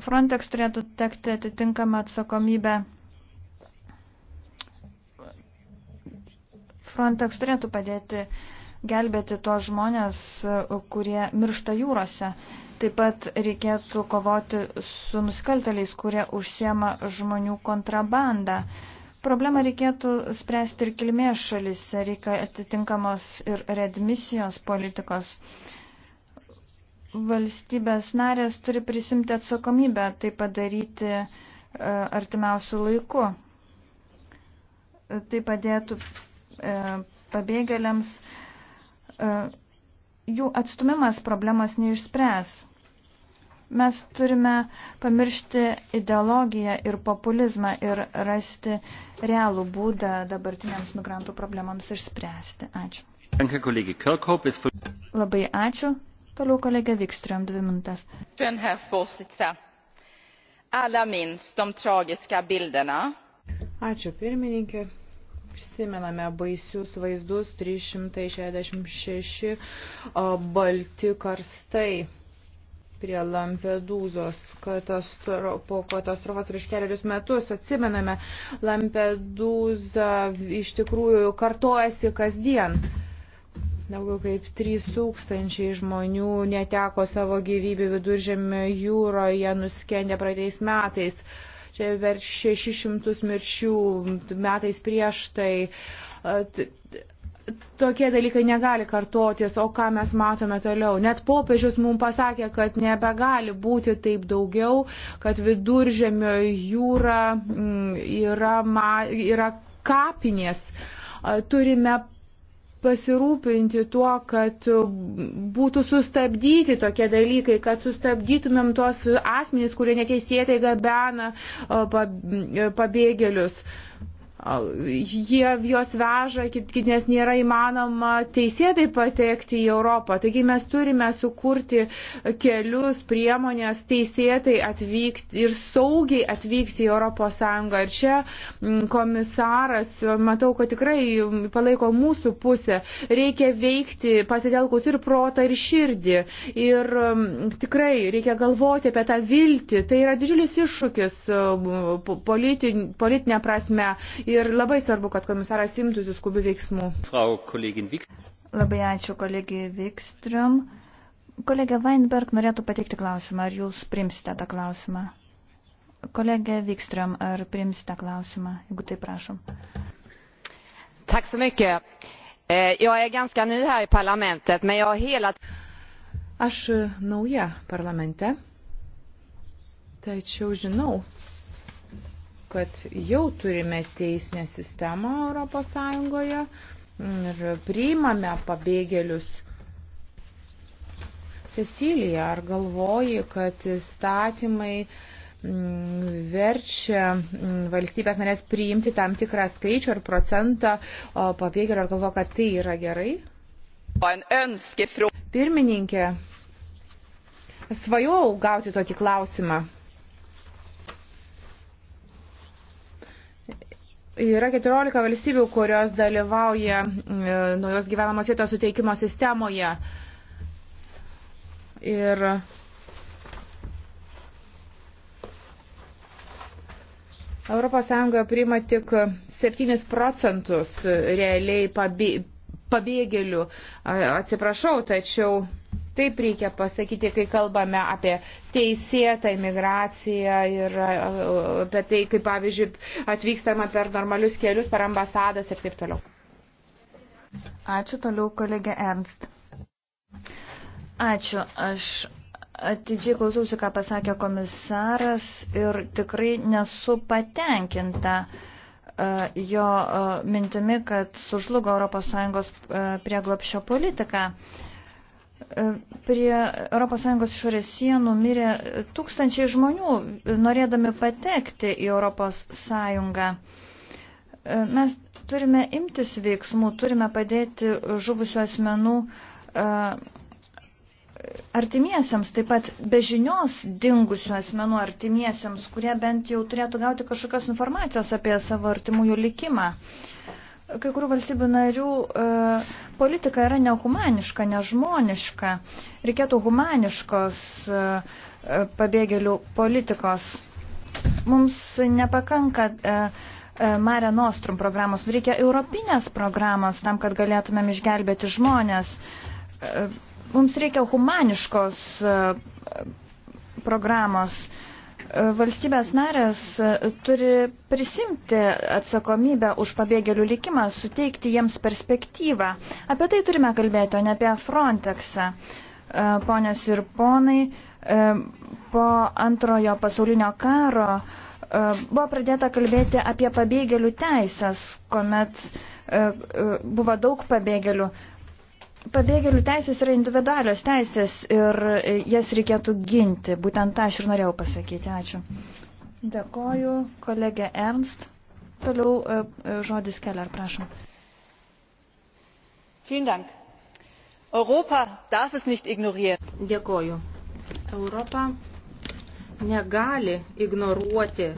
Frontex turėtų tekti atitinkamą atsakomybę. Frontex turėtų padėti gelbėti tos žmonės, e, kurie miršta jūrose. Taip pat reikėtų kovoti su nusikalteliais, kurie užsiema žmonių kontrabandą. Uh, Problemą reikėtų spręsti ir kilmės šalise, reikia atitinkamos ir redmisijos politikos. Valstybės narės turi prisimti atsakomybę tai padaryti e, artimiausių laikų. Tai padėtų e, pabėgėliams. E, jų atstumimas problemos neišspręs. Mes turime pamiršti ideologiją ir populizmą ir rasti realų būdą dabartiniams migrantų problemams išspręsti. Ačiū. Labai ačiū. Toliau kolega Vikström, dvi minutės. Ačiū pirmininkė. Prisimename baisius vaizdus 366 balti karstai prie Lampedūzos katastro, po katastrofos prieš keliarius metus. Atsimename, Lampedūza iš tikrųjų kartojasi kasdien. Daugiau kaip 3000 žmonių neteko savo gyvybių viduržėmio jūroje, nuskendė praeitais metais. Čia per 600 mirčių metais prieš tai tokie dalykai negali kartotis, o ką mes matome toliau. Net popiežius mums pasakė, kad nebegali būti taip daugiau, kad viduržėmio jūra mm, yra, yra kapinės. Turime pasirūpinti tuo, kad būtų sustabdyti tokie dalykai, kad sustabdytumėm tuos asmenys, kurie neteisėtai gabena pabėgėlius. Pa jie juos veža, nes nėra įmanoma teisėtai patekti į Europą. Taigi mes turime sukurti kelius, priemonės teisėtai atvykti ir saugiai atvykti į Europos Sąjungą. Ir čia mm, komisaras, matau, kad tikrai palaiko mūsų pusę. Reikia veikti, pasitelkus ir protą, ir širdį. Ir mm, tikrai reikia galvoti apie tą viltį. Tai yra didžiulis iššūkis mm, politinė prasme Ir labai svarbu, kad komisaras imtųsi skubių veiksmų. Frau, labai ačiū kolegijai Vikstrium. Kolegė Weinberg norėtų pateikti klausimą. Ar jūs primsite tą klausimą? Kolegė Vikstrium, ar primsite klausimą, jeigu tai prašom? Tack så mycket. Eh, jag är ganska ny här i parlamentet, men jag har hela... Aš nauja parlamente, tačiau žinau, kad jau turime teisinę sistemą ES ir priimame pabėgėlius. Cecilija, ar galvoji, kad įstatymai mm, verčia mm, valstybės narės priimti tam tikrą skaičių ar procentą pabėgėlių, ar galvo, kad tai yra gerai? Pirmininkė, svajau gauti tokį klausimą. Yra 14 valstybių, kurios dalyvauja e, naujos gyvenamos vietos suteikimo sistemoje. Ir Europos Sąjungoje priima tik 7 procentus realiai pabėgėlių. Atsiprašau, tačiau Taip reikia pasakyti, kai kalbame apie teisėtą imigraciją ir e, apie tai, kaip pavyzdžiui, atvykstama per normalius kelius, per ambasadas ir taip toliau. Ačiū toliau, kolegė Ernst. Ačiū. Aš atidžiai klausiausi, ką pasakė komisaras ir tikrai nesu patenkinta e, jo e, mintimi, kad sužlugo ES prieglopšio politika. politika Prie ES išorės sienų mirė tūkstančiai žmonių, norėdami patekti į ES. Mes turime imtis veiksmų, turime padėti žuvusių asmenų e, artimiesiems, taip pat be žinios dingusių asmenų artimiesiems, kurie bent jau turėtų gauti kažkokios informacijos apie savo artimųjų likimą. Uh, kai kurių valstybių narių e, politika yra nehumaniška, nežmoniška. Reikėtų humaniškos e, e, pabėgėlių politikos. Mums nepakanka e, e, Mare Nostrum programos, reikia europinės programos tam, kad galėtumėm išgelbėti žmonės. E, mums reikia humaniškos e, programos. E, Valstybės narės e, turi prisimti atsakomybę už pabėgėlių likimą, suteikti jiems perspektyvą. Apie tai turime kalbėti, o ne apie Frontexą. E, ponios ir ponai, e, po antrojo pasaulinio karo buvo pradėta kalbėti apie pabėgėlių teisės, kuomet buvo daug pabėgėlių. Pabėgėlių teisės yra individualios teisės ir jas reikėtų ginti. Būtent tą aš ir norėjau pasakyti. Ačiū. Dėkoju, kolegė Ernst. Toliau e, e, žodis Keller, prašom. Dėkoju. Europa negali ignoruoti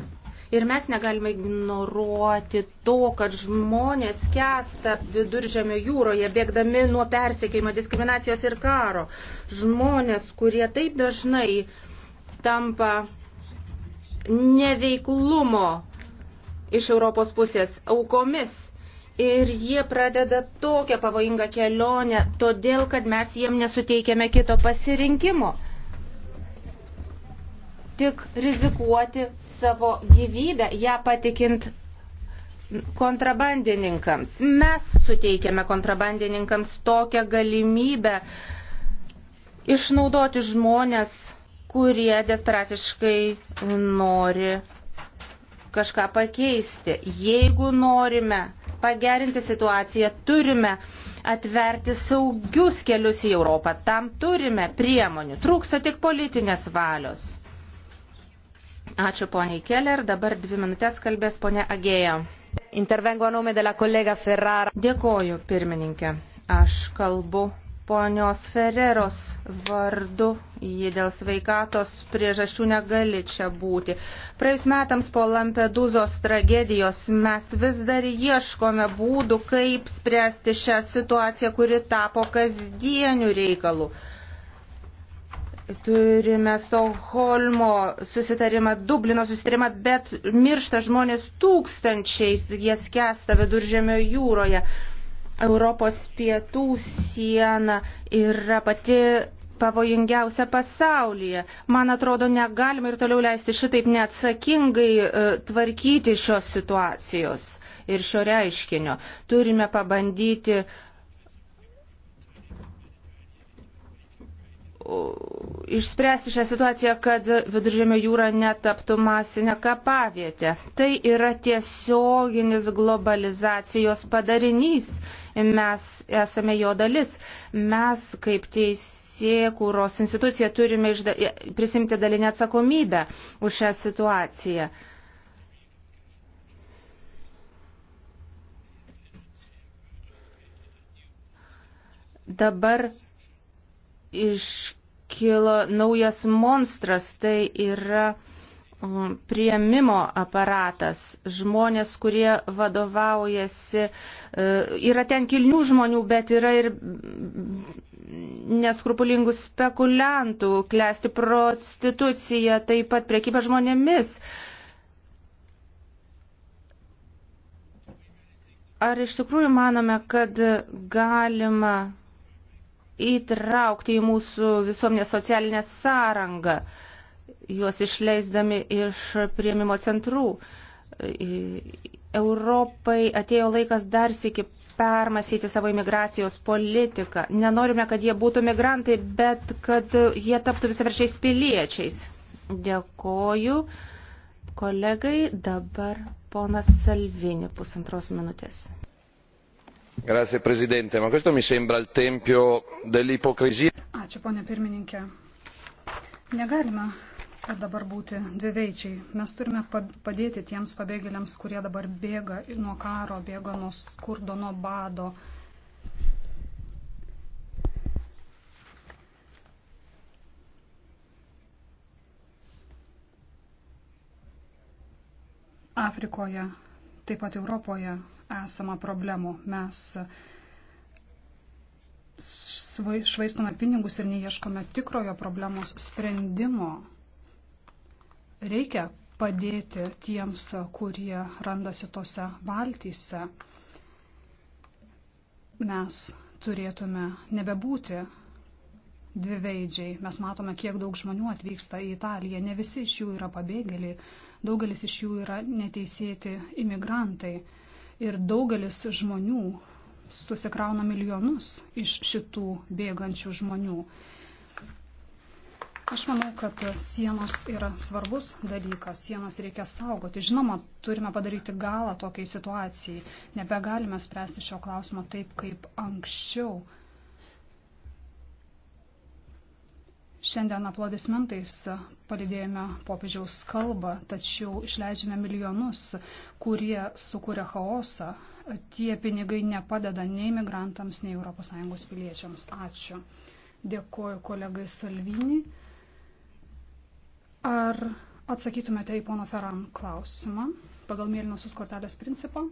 Ir mes negalime ignoruoti to, kad žmonės kesta viduržėmio jūroje, bėgdami nuo persiekimo, diskriminacijos ir karo. Žmonės, kurie taip dažnai tampa neveiklumo iš Europos pusės aukomis. Ir jie pradeda tokią pavojingą kelionę, todėl kad mes jiem nesuteikėme kito pasirinkimo tik rizikuoti savo gyvybę, ją patikint kontrabandininkams. Mes suteikiame kontrabandininkams tokią galimybę išnaudoti žmonės, kurie desperatiškai nori kažką pakeisti. Jeigu norime pagerinti situaciją, turime atverti saugius kelius į Europą. Tam turime priemonių. Trūksta tik politinės valios. Ačiū poniai Keller. Dabar dvi minutės kalbės ponia Agėja. Intervengo nome de la kolega Ferrara. Dėkoju, pirmininkė. Aš kalbu ponios Ferreros vardu. Ji dėl sveikatos priežasčių negali čia būti. Praėjus metams po Lampedūzos tragedijos mes vis dar ieškome būdų, kaip spręsti šią situaciją, kuri tapo kasdieniu reikalu. Turime Stokholmo susitarimą, Dublino susitarimą, bet miršta žmonės tūkstančiais, jie skęsta viduržėmio jūroje. Europos pietų siena yra pati pavojingiausia pasaulyje. Man atrodo, negalima ir toliau leisti šitaip neatsakingai e, tvarkyti šios situacijos ir šio reiškinio. Turime pabandyti uh, išspręsti šią situaciją, kad viduržėmio jūra netaptų masinę kapavietę. Tai yra tiesioginis globalizacijos padarinys. Mes esame jo dalis. Mes kaip teisėkūros institucija turime išda... prisimti dalinę atsakomybę už šią situaciją. Dabar iškilo naujas monstras, tai yra mm, prieimimo aparatas, žmonės, kurie vadovaujasi, e, yra ten kilnių žmonių, bet yra ir neskrupulingų spekuliantų, klesti prostitucija, taip pat priekyba žmonėmis. Ar iš tikrųjų manome, kad galima įtraukti į mūsų visuomenės socialinę sąrangą, juos išleisdami iš prieimimo centrų. Europai atėjo laikas dar sėki permasyti savo imigracijos politiką. Nenorime, kad jie būtų migrantai, bet kad jie taptų visaverčiais piliečiais. Dėkoju kolegai. Dabar ponas Salvini pusantros minutės signor presidente ma questo mi sembra il tempio dell'ipocrisia. ačiū pone pirmininke negalime dabar būti dviveidžiai mes turime padėti tiems pabėgėliams kurie dabar bėga nuo karo bėga nuo skurdo nuo bado afrikoje taip pat europoje esama problemų. Mes švaistome pinigus ir neieškome tikrojo problemos sprendimo. Reikia padėti tiems, kurie randasi tose valtyse. Mes turėtume nebebūti dviveidžiai. Mes matome, kiek daug žmonių atvyksta į Italiją. Ne visi iš jų yra pabėgėliai, daugelis iš jų yra neteisėti imigrantai ir daugelis žmonių susikrauna milijonus iš šitų bėgančių žmonių. Aš manau, kad sienos yra svarbus dalykas, sienas reikia saugoti. Žinoma, turime padaryti galą tokiai situacijai. Nebegalime spręsti šio klausimo taip, kaip anksčiau Šiandien aplodismentais palidėjome popiežiaus kalbą, tačiau išleidžiame milijonus, kurie sukuria chaosą. Tie pinigai nepadeda nei migrantams, nei ES piliečiams. Ačiū. Dėkoju kolegai Salvini. Ar atsakytumėte į pono Ferran klausimą pagal mėlynosios kortelės principą?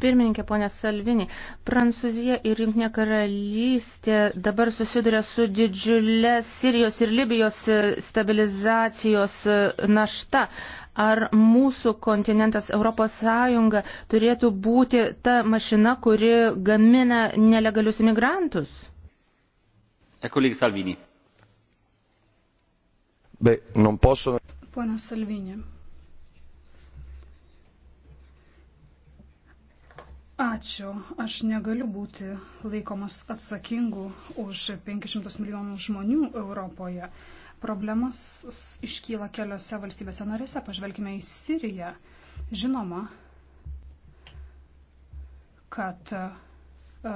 pirmininkė, ponė Salvini, Prancūzija ir Junknė karalystė dabar susiduria su didžiulė Sirijos ir Libijos e, stabilizacijos e, našta. Ar mūsų kontinentas ES turėtų būti ta mašina, kuri gamina nelegalius imigrantus? E, kolega Salvini. Be, non posso... Ponas Salvini. Ačiū. Aš negaliu būti laikomas atsakingu už 500 milijonų žmonių Europoje. Problemas iškyla keliose valstybėse narėse. Pažvelkime į Siriją. Žinoma, kad e,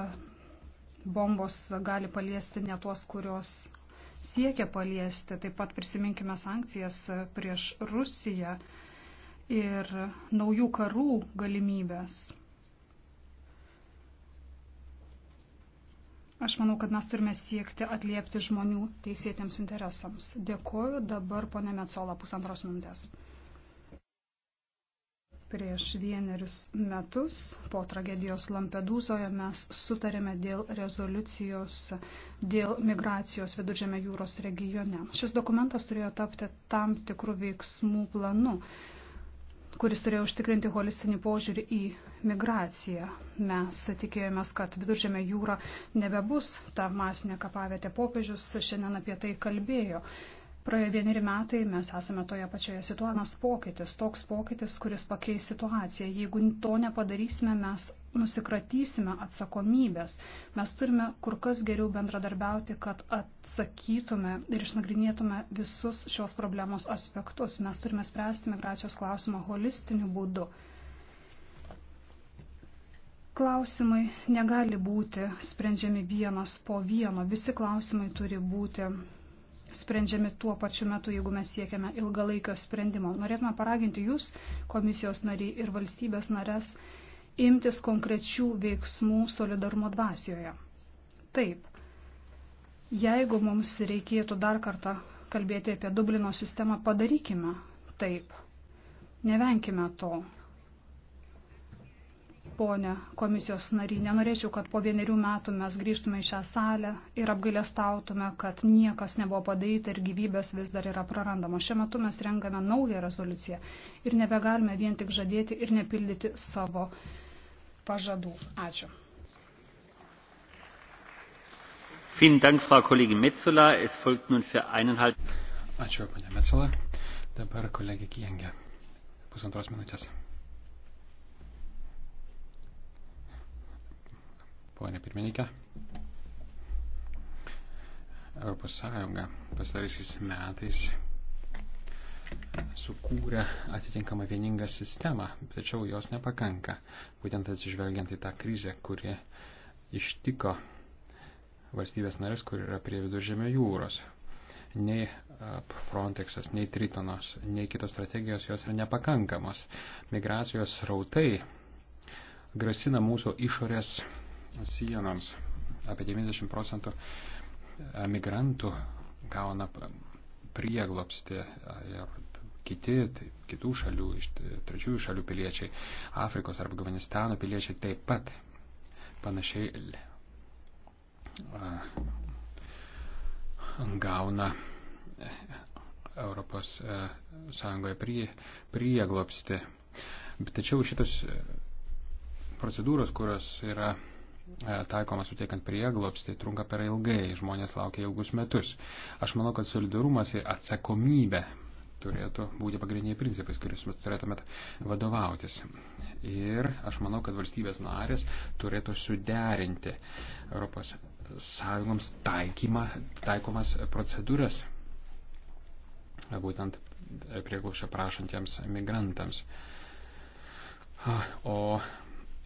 bombos gali paliesti ne tuos, kurios siekia paliesti. Taip pat prisiminkime sankcijas prieš Rusiją ir naujų karų galimybės Aš manau, kad mes turime siekti atliepti žmonių teisėtiems interesams. Dėkuoju dabar ponė Metsola pusantros minutės. Prieš vienerius metus po tragedijos Lampedūzoje mes sutarėme dėl rezoliucijos dėl migracijos viduržėme jūros regione. Šis dokumentas turėjo tapti tam tikrų veiksmų planu kuris turėjo užtikrinti holistinį požiūrį į migraciją. Mes tikėjomės, kad viduržėme jūra nebebus ta masinė kapavietė. Popiežius šiandien apie tai kalbėjo. Praėjo vieneri metai, mes esame toje pačioje situacijoje. Pokytis, toks pokytis, kuris pakeis situaciją. Jeigu to nepadarysime, mes nusikratysime atsakomybės. Mes turime kur kas geriau bendradarbiauti, kad atsakytume ir išnagrinėtume visus šios problemos aspektus. Mes turime spręsti migracijos klausimą holistiniu būdu klausimai negali būti sprendžiami vienas po vieno. Visi klausimai turi būti sprendžiami tuo pačiu metu, jeigu mes siekiame ilgalaikio sprendimo. Norėtume paraginti Jūs, komisijos nariai ir valstybės nares, imtis konkrečių veiksmų solidarumo dvasioje. Taip, jeigu mums reikėtų dar kartą kalbėti apie Dublino sistemą, padarykime taip. Nevenkime to ponė komisijos nary. Nenorėčiau, kad po vienerių metų mes grįžtume į šią salę ir apgailestautume, kad niekas nebuvo padaryta ir gyvybės vis dar yra prarandama. Šiuo metu mes rengame naują rezoliuciją ir nebegalime vien tik žadėti ir nepildyti savo pažadų. Ačiū. Ačiū, ponė Metzola. Dabar kolegė Kijengė. Pusantros minutės. ponė pirmininkė. Europos Sąjunga pastaraisiais metais sukūrė atitinkamą vieningą sistemą, tačiau jos nepakanka, būtent atsižvelgiant į tą krizę, kuri ištiko valstybės narės, kur yra prie viduržėmio jūros. Nei Frontexas, nei Tritonos, nei kitos strategijos jos yra nepakankamos. Migracijos rautai grasina mūsų išorės sienoms. Apie 90 procentų e, migrantų gauna prieglopsti e, ir kiti, tai, kitų šalių, iš e, trečiųjų šalių piliečiai, Afrikos arba Afganistano piliečiai taip pat panašiai gauna Europos Sąjungoje prie, prieglopsti. Tačiau šitos procedūros, kurios yra E, taikomas suteikiant prieglopstį trunka per ilgai, žmonės laukia ilgus metus. Aš manau, kad solidarumas ir atsakomybė turėtų būti pagrindiniai principais, kuriuos mes turėtumėt vadovautis. Ir aš manau, kad valstybės narės turėtų suderinti Europos sąjungoms taikymą, taikomas procedūras, būtent prieglaušio prašantiems migrantams. O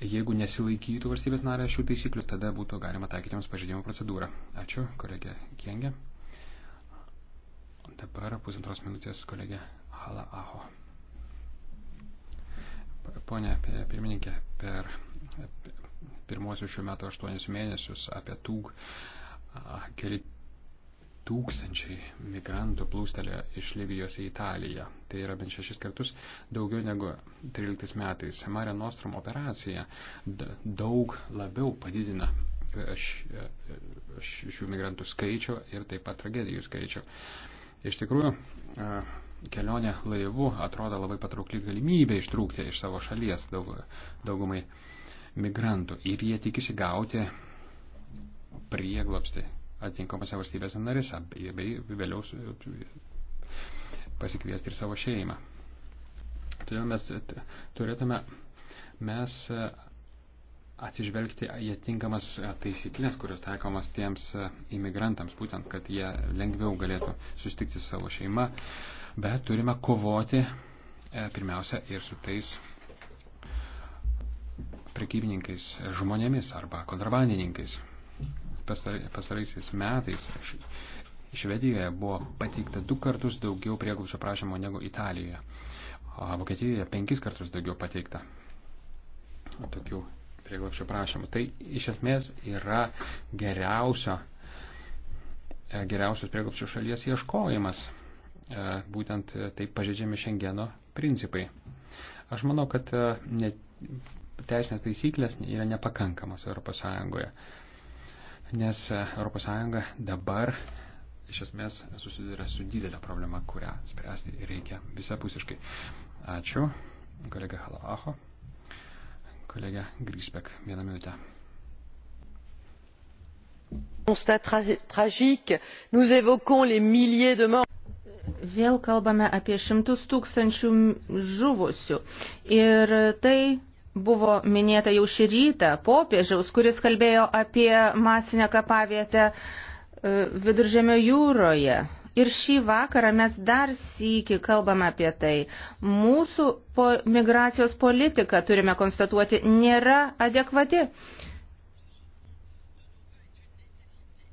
jeigu nesilaikytų valstybės narė šių taisyklių, tada būtų galima taikyti jums pažeidimo procedūrą. Ačiū, kolegė Kengė. Dabar pusantros minutės kolegė Hala Aho. Pone pirmininkė, per pirmosius šių metų aštuonis mėnesius apie tūg keli tūkstančiai migrantų plūstelė iš Libijos į Italiją. Tai yra bent šešis kartus daugiau negu 13 metais. Mare Nostrum operacija daug labiau padidina e, e, e, šių migrantų skaičių ir taip pat tragedijų skaičių. Iš tikrųjų, kelionė laivu atrodo labai patraukli galimybė ištrūkti iš savo šalies daug, daugumai migrantų ir jie tikisi gauti prieglopsti atitinkamose valstybėse narėse, bei vėliau pasikviesti ir savo šeimą. Todėl mes turėtume mes e, atsižvelgti į atinkamas taisyklės, kurios taikomas tiems e, imigrantams, būtent, kad jie lengviau galėtų susitikti su savo šeima, bet turime kovoti e, pirmiausia ir su tais prekybininkais žmonėmis arba kontrabandininkais pastaraisiais metais Švedijoje buvo pateikta du kartus daugiau prieglupščio prašymo negu Italijoje. Vokietijoje penkis kartus daugiau pateikta tokių prieglupščio prašymų. Tai iš esmės yra geriausio, e, geriausios prieglupščio šalies ieškojimas. E, būtent e, taip pažeidžiami Šengeno principai. Aš manau, kad ne, teisinės taisyklės yra nepakankamos Europos Sąjungoje nes ES dabar iš esmės susiduria su didelė problema, kurią spręsti reikia visapusiškai. Ačiū, kolega Halavaho. Kolega Grisbek, vieną minutę. Constat tragique, nous évoquons les milliers de morts. Vėl kalbame apie šimtus tūkstančių žuvusių. Ir tai buvo minėta jau šį rytą popiežiaus, kuris kalbėjo apie masinę kapavietę e, viduržėmio jūroje. Ir šį vakarą mes dar sįki kalbame apie tai. Mūsų po migracijos politika, turime konstatuoti, nėra adekvati.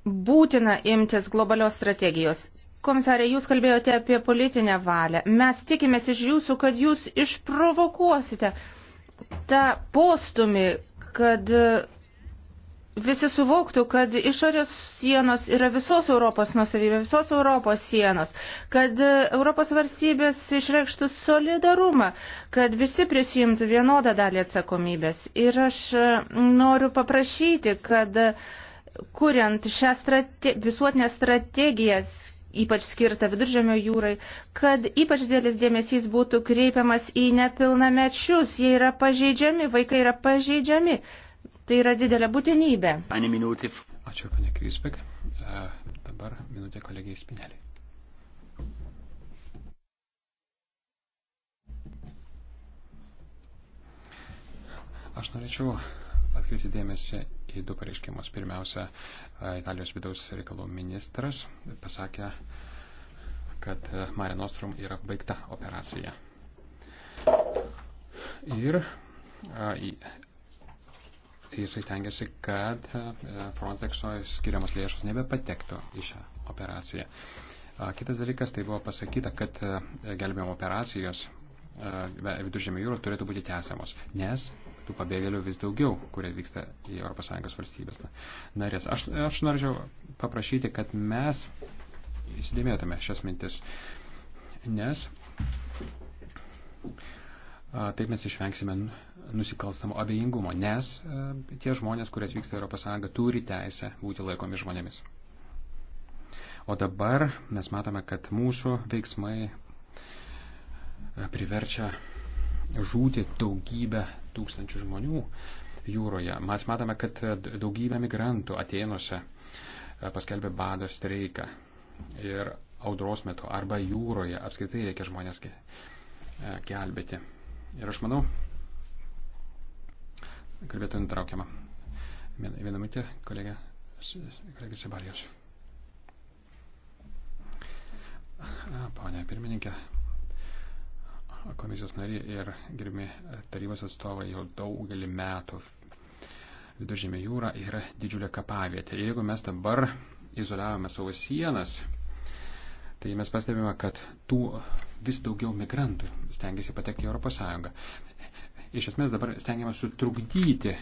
Būtina imtis globalios strategijos. Komisarė, jūs kalbėjote apie politinę valią. Mes tikimės iš jūsų, kad jūs išprovokuosite tą postumį, kad e, visi suvoktų, kad išorės sienos yra visos Europos nusavybė, visos Europos sienos, kad e, Europos valstybės išreikštų solidarumą, kad visi prisimtų vienodą dalį atsakomybės. Ir aš e, noriu paprašyti, kad kuriant šią strate visuotinę strategiją ypač skirta viduržėmio jūrai, kad ypač didelis dėmesys būtų kreipiamas į nepilnamečius. Jie yra pažeidžiami, vaikai yra pažeidžiami. Tai yra didelė būtinybė. Ačiū, panė Krisbek. E, dabar minutė kolegijai Spinelį. Aš norėčiau atkreipti dėmesį į du pareiškimus. Pirmiausia, Italijos vidaus reikalų ministras pasakė, kad Mare Nostrum yra baigta operacija. Ir jisai tengiasi, kad Frontexo skiriamas lėšos nebepatektų į šią operaciją. Kitas dalykas, tai buvo pasakyta, kad gelbėjimo operacijos viduržėmio jūros turėtų būti tęsiamos, nes tų pabėgėlių vis daugiau, kurie vyksta į ES valstybės narės. Aš, aš norėčiau paprašyti, kad mes įsidėmėtume šias mintis, nes a, taip mes išvengsime nusikalstamo abejingumo, nes a, tie žmonės, kurie atvyksta į ES, turi teisę būti laikomi žmonėmis. O dabar mes matome, kad mūsų veiksmai priverčia žūti daugybę tūkstančių žmonių jūroje. Mes matome, kad daugybė migrantų Atenuose e, paskelbė bado streiką ir audros metu arba jūroje apskritai reikia žmonės e, gelbėti. Ir aš manau, kalbėtų nutraukiama. Vieną minutę, kolegė, kolegė Sebalijos. Pone pirmininkė, komisijos nariai ir gerbimi tarybos atstovai jau daugelį metų viduržėmė jūra yra didžiulė kapavietė. Ir jeigu mes dabar izoliavome savo sienas, tai mes pastebime, kad tų vis daugiau migrantų stengiasi patekti į ES. Iš esmės dabar stengiamės sutrukdyti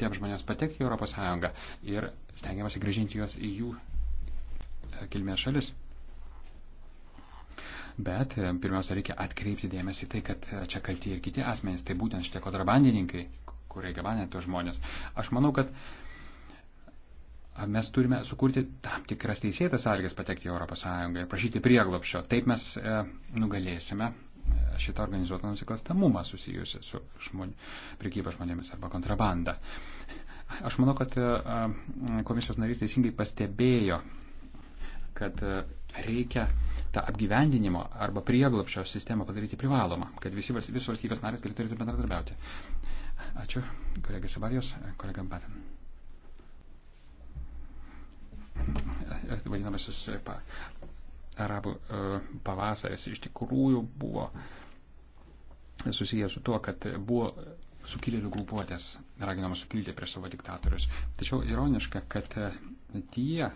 tiem žmonėms patekti į ES ir stengiamasi gražinti juos į jų kilmės šalis. Bet e, pirmiausia, reikia atkreipti dėmesį tai, kad e, čia kalti ir kiti asmenys, tai būtent šitie kontrabandininkai, kurie gabenė tuos žmonės. Aš manau, kad mes turime sukurti tam tikras teisėtas sąlygas patekti į ES ir prašyti prieglopščio. Taip mes e, nugalėsime e, šitą organizuotą nusikalstamumą susijusi su žmonių, prekyba žmonėmis arba kontrabanda. Aš manau, kad e, komisijos narys teisingai pastebėjo, kad e, reikia tą apgyvendinimo arba prieglopšio sistemą padaryti privalomą, kad visi, visos valstybės narės galėtų bendradarbiauti. Ačiū, kolega Sabarijos, kolega Batin. E, e, vadinamasis e, pa, arabų pavasaris iš tikrųjų buvo susijęs su tuo, kad buvo sukilėlių grupuotės raginama sukilti prieš savo diktatorius. Tačiau ironiška, kad tie,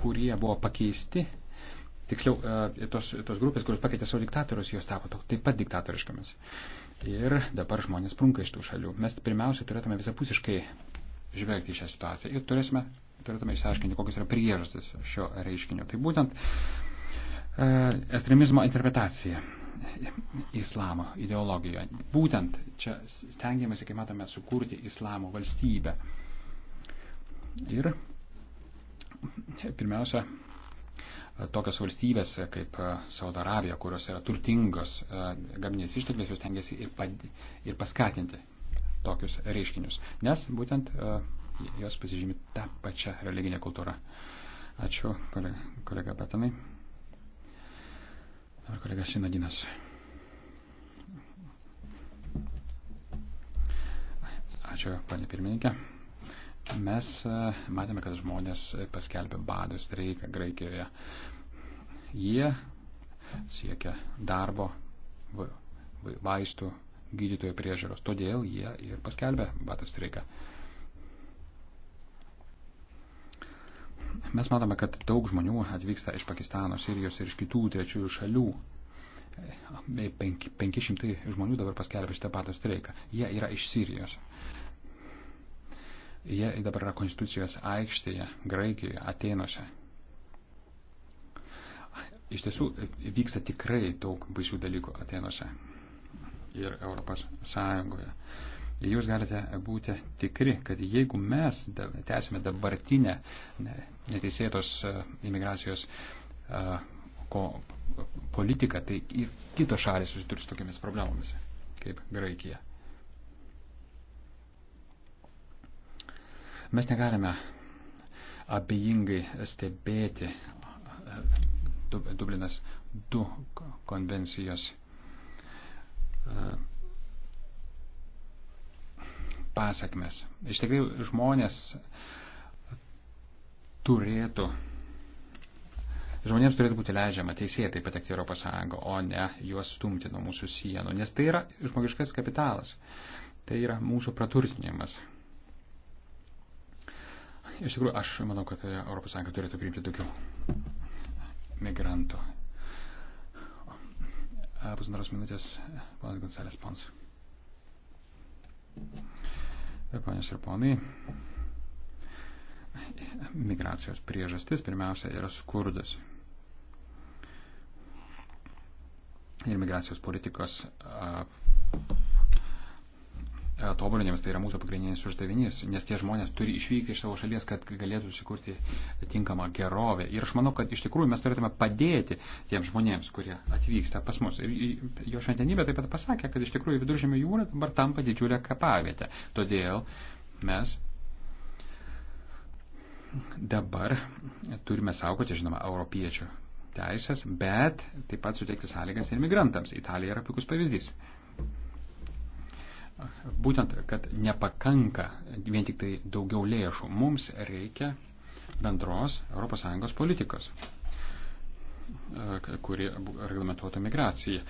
kurie buvo pakeisti Tiksliau, e, tos, tos grupės, kurios pakeitė savo diktatorius, jos tapo taip pat diktatoriškomis. Ir dabar žmonės prunka iš tų šalių. Mes pirmiausia turėtume visapusiškai žvelgti į šią situaciją ir turėsime, turėtume išsiaiškinti, kokios yra priežastis šio reiškinio. Tai būtent e, ekstremizmo interpretacija islamo ideologijoje. Būtent čia stengiamasi, kai matome, sukurti islamo valstybę. Ir pirmiausia, tokios valstybės kaip e, Saudo Arabija, kurios yra turtingos e, gaminiais ištekliais, jos tengiasi ir, pad, ir paskatinti tokius reiškinius, nes būtent e, jos pasižymi tą pačią religinę kultūrą. Ačiū, kolega, kolega Betanai. Ar kolega Sinadinas. Ačiū, panė pirmininkė. Mes e, matėme, kad žmonės paskelbė badų streiką Graikijoje. Jie siekia darbo, vaistų, gydytojo priežiūros. Todėl jie ir paskelbė badų streiką. Mes matome, kad daug žmonių atvyksta iš Pakistano, Sirijos ir iš kitų trečiųjų šalių. 500 e, žmonių dabar paskelbė šitą patą streiką. Jie yra iš Sirijos. Jie dabar yra Konstitucijos aikštėje, Graikijoje, Atenose. Iš tiesų vyksta tikrai daug baisių dalykų Atenose ir Europos Sąjungoje. Jūs galite būti tikri, kad jeigu mes tęsime dabartinę neteisėtos e, imigracijos e, politiką, tai ir kitos šalis susidurs tokiamis problemomis, kaip Graikija. Mes negalime abejingai stebėti e, Dublinas 2 konvencijos e, pasakmes. Iš tikrųjų, žmonės turėtų, žmonėms turėtų būti leidžiama teisėtai patekti Europos Sąjungą, o ne juos stumti nuo mūsų sienų, nes tai yra žmogiškas kapitalas, tai yra mūsų praturtinimas. Iš tikrųjų, aš manau, kad ES turėtų priimti daugiau migrantų. E, pusantros minutės, panas Gonsalės Pons. E, ponios ir ponai, migracijos priežastis pirmiausia yra skurdas. Ir migracijos politikos e, E, tobulinimas, tai yra mūsų pagrindinis uždavinys, nes tie žmonės turi išvykti iš savo šalies, kad galėtų susikurti tinkamą gerovę. Ir aš manau, kad iš tikrųjų mes turėtume padėti tiems žmonėms, kurie atvyksta pas mus. Ir jo šiandienybė taip pat pasakė, kad iš tikrųjų viduržėmio jūra dabar tampa didžiulė kapavietė. Todėl mes dabar turime saugoti, žinoma, europiečių teisės, bet taip pat suteikti sąlygas ir migrantams. Italija yra puikus pavyzdys būtent, kad nepakanka vien tik tai daugiau lėšų. Mums reikia bendros ES politikos, e, kuri reglamentuotų migraciją.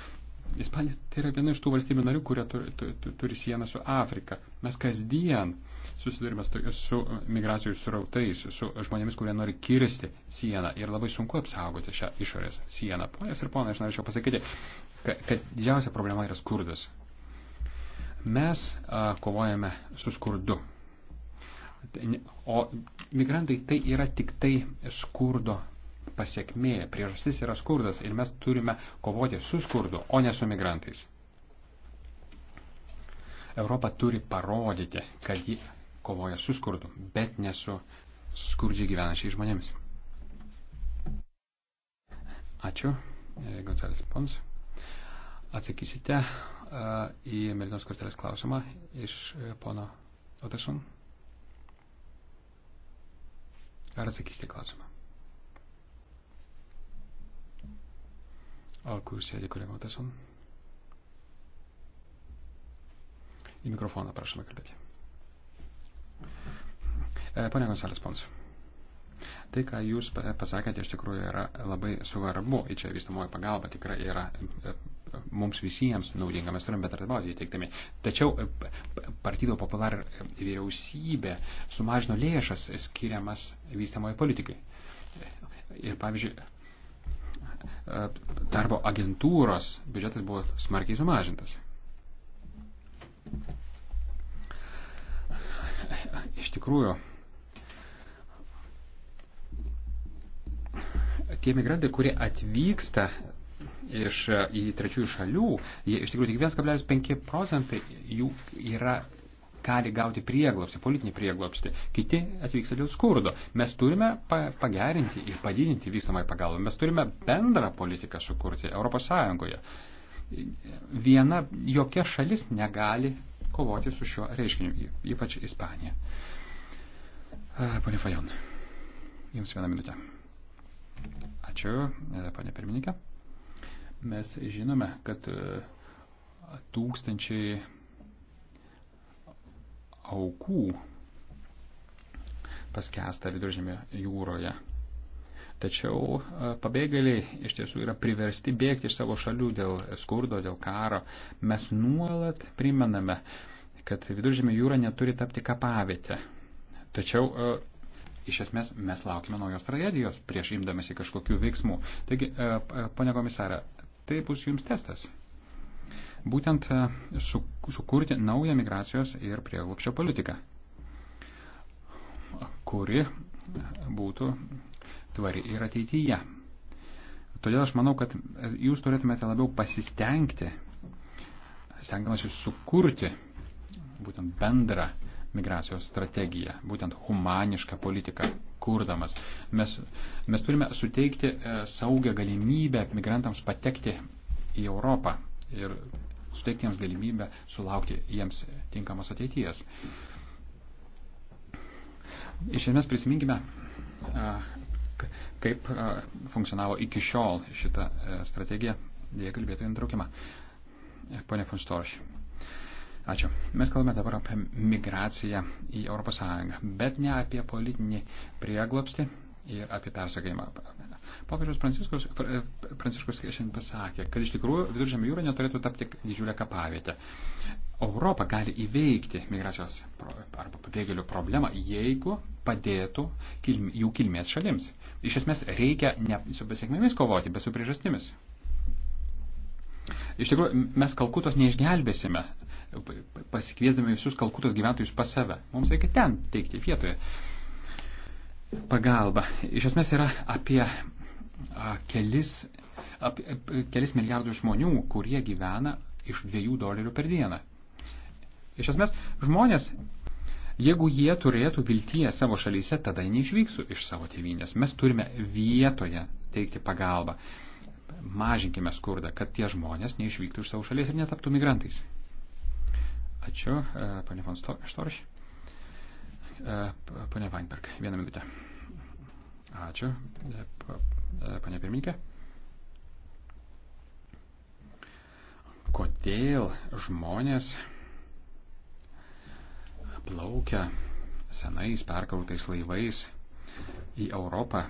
Ispanija tai yra viena iš tų valstybių narių, kurie turi, turi, turi sieną su Afrika. Mes kasdien susidurime su, su migracijų surautais, su žmonėmis, kurie nori kirsti sieną ir labai sunku apsaugoti šią išorės sieną. Ponės ir ponai, aš norėčiau pasakyti, kad, kad didžiausia problema yra skurdas Mes a, kovojame su skurdu. Tai o migrantai tai yra tik tai skurdo pasiekmė. Priežastis yra skurdas ir mes turime kovoti su skurdu, o ne su migrantais. Europa turi parodyti, kad ji kovoja su skurdu, bet ne su skurdžiai gyvenančiais žmonėmis. Ačiū, e, Gonzalės Pons. Atsakysite į Melinos kortelės klausimą iš e, pono Otašon. Ar atsakysite klausimą? O kur sėdi kolega Otašon? Į mikrofoną prašome kalbėti. E, Pane Gonsalės Pons. Tai, ką jūs pasakėte, iš tikrųjų yra labai svarbu. Į čia vystamoji pagalba tikrai yra e, mums visiems naudinga, mes turime bendradarbiauti teikdami. Tačiau e, Partido Popular e, vyriausybė sumažino lėšas skiriamas vystamoje politikai. Ir pavyzdžiui, e, darbo agentūros biudžetas buvo smarkiai sumažintas. Iš tikrųjų, tie migrantai, kurie atvyksta iš į trečiųjų šalių, jie iš tikrųjų tik 1,5 procentai jų yra gali gauti prieglopstį, politinį prieglopstį, kiti atvyksta dėl skurdo. Mes turime pa pagerinti ir padidinti vystamą pagalbą, mes turime bendrą politiką sukurti Europos Sąjungoje. Viena, jokia šalis negali kovoti su šiuo reiškiniu, ypač Ispanija. Pane Fajon, jums vieną minutę. Ačiū, e, pane pirmininkė. Mes žinome, kad e, tūkstančiai aukų paskęsta viduržėmio jūroje. Tačiau e, pabėgėliai iš tiesų yra priversti bėgti iš savo šalių dėl skurdo, dėl karo. Mes nuolat primename, kad viduržėmio jūra neturi tapti kapavietę. Tačiau e, iš esmės mes laukime naujos tragedijos prieš imdamėsi kažkokių veiksmų. Taigi, ponia komisarė, tai bus jums testas. Būtent e, su, sukurti naują migracijos ir prieglupščio politiką, kuri būtų tvari ir ateityje. Todėl aš manau, kad e, jūs turėtumėte labiau pasistengti, stengdamasi sukurti būtent bendrą migracijos strategiją, būtent humanišką politiką kurdamas. Mes, mes turime suteikti e, saugią galimybę migrantams patekti į Europą ir suteikti jiems galimybę sulaukti jiems tinkamos ateities. Iš esmės prisiminkime, e, kaip e, funkcionavo iki šiol šita strategija, dėja kalbėtojų nutraukimą. Pone Funstorš, Ačiū. Mes kalbame dabar apie migraciją į ES, bet ne apie politinį prieglopstį ir apie persakymą. Popiežius Pranciškus, Pranciškus šiandien pasakė, kad iš tikrųjų viduržėmė jūra neturėtų tapti didžiulę kapavietę. Europa gali įveikti migracijos arba pabėgėlių problemą, jeigu padėtų kilm, jų kilmės šalims. Iš esmės reikia ne su pasiekmėmis kovoti, bet su priežastimis. Iš tikrųjų, mes kalkutos neišgelbėsime, pasikviesdami visus Kalkutos gyventojus pas save. Mums reikia ten teikti vietoje pagalbą. Iš esmės yra apie a, kelis, apie, apie kelis milijardus žmonių, kurie gyvena iš dviejų dolerių per dieną. Iš esmės, žmonės, jeigu jie turėtų viltyje savo šalyse, tada jie neišvyksų iš savo tėvynės. Mes turime vietoje teikti pagalbą. Mažinkime skurdą, kad tie žmonės neišvyktų iš savo šalies ir netaptų migrantais. Ačiū, e, ponė von Štorš. E, ponė Weinberg, vieną minutę. Ačiū, e, ponė pirmininkė. Kodėl žmonės plaukia senais perkrautais laivais į Europą.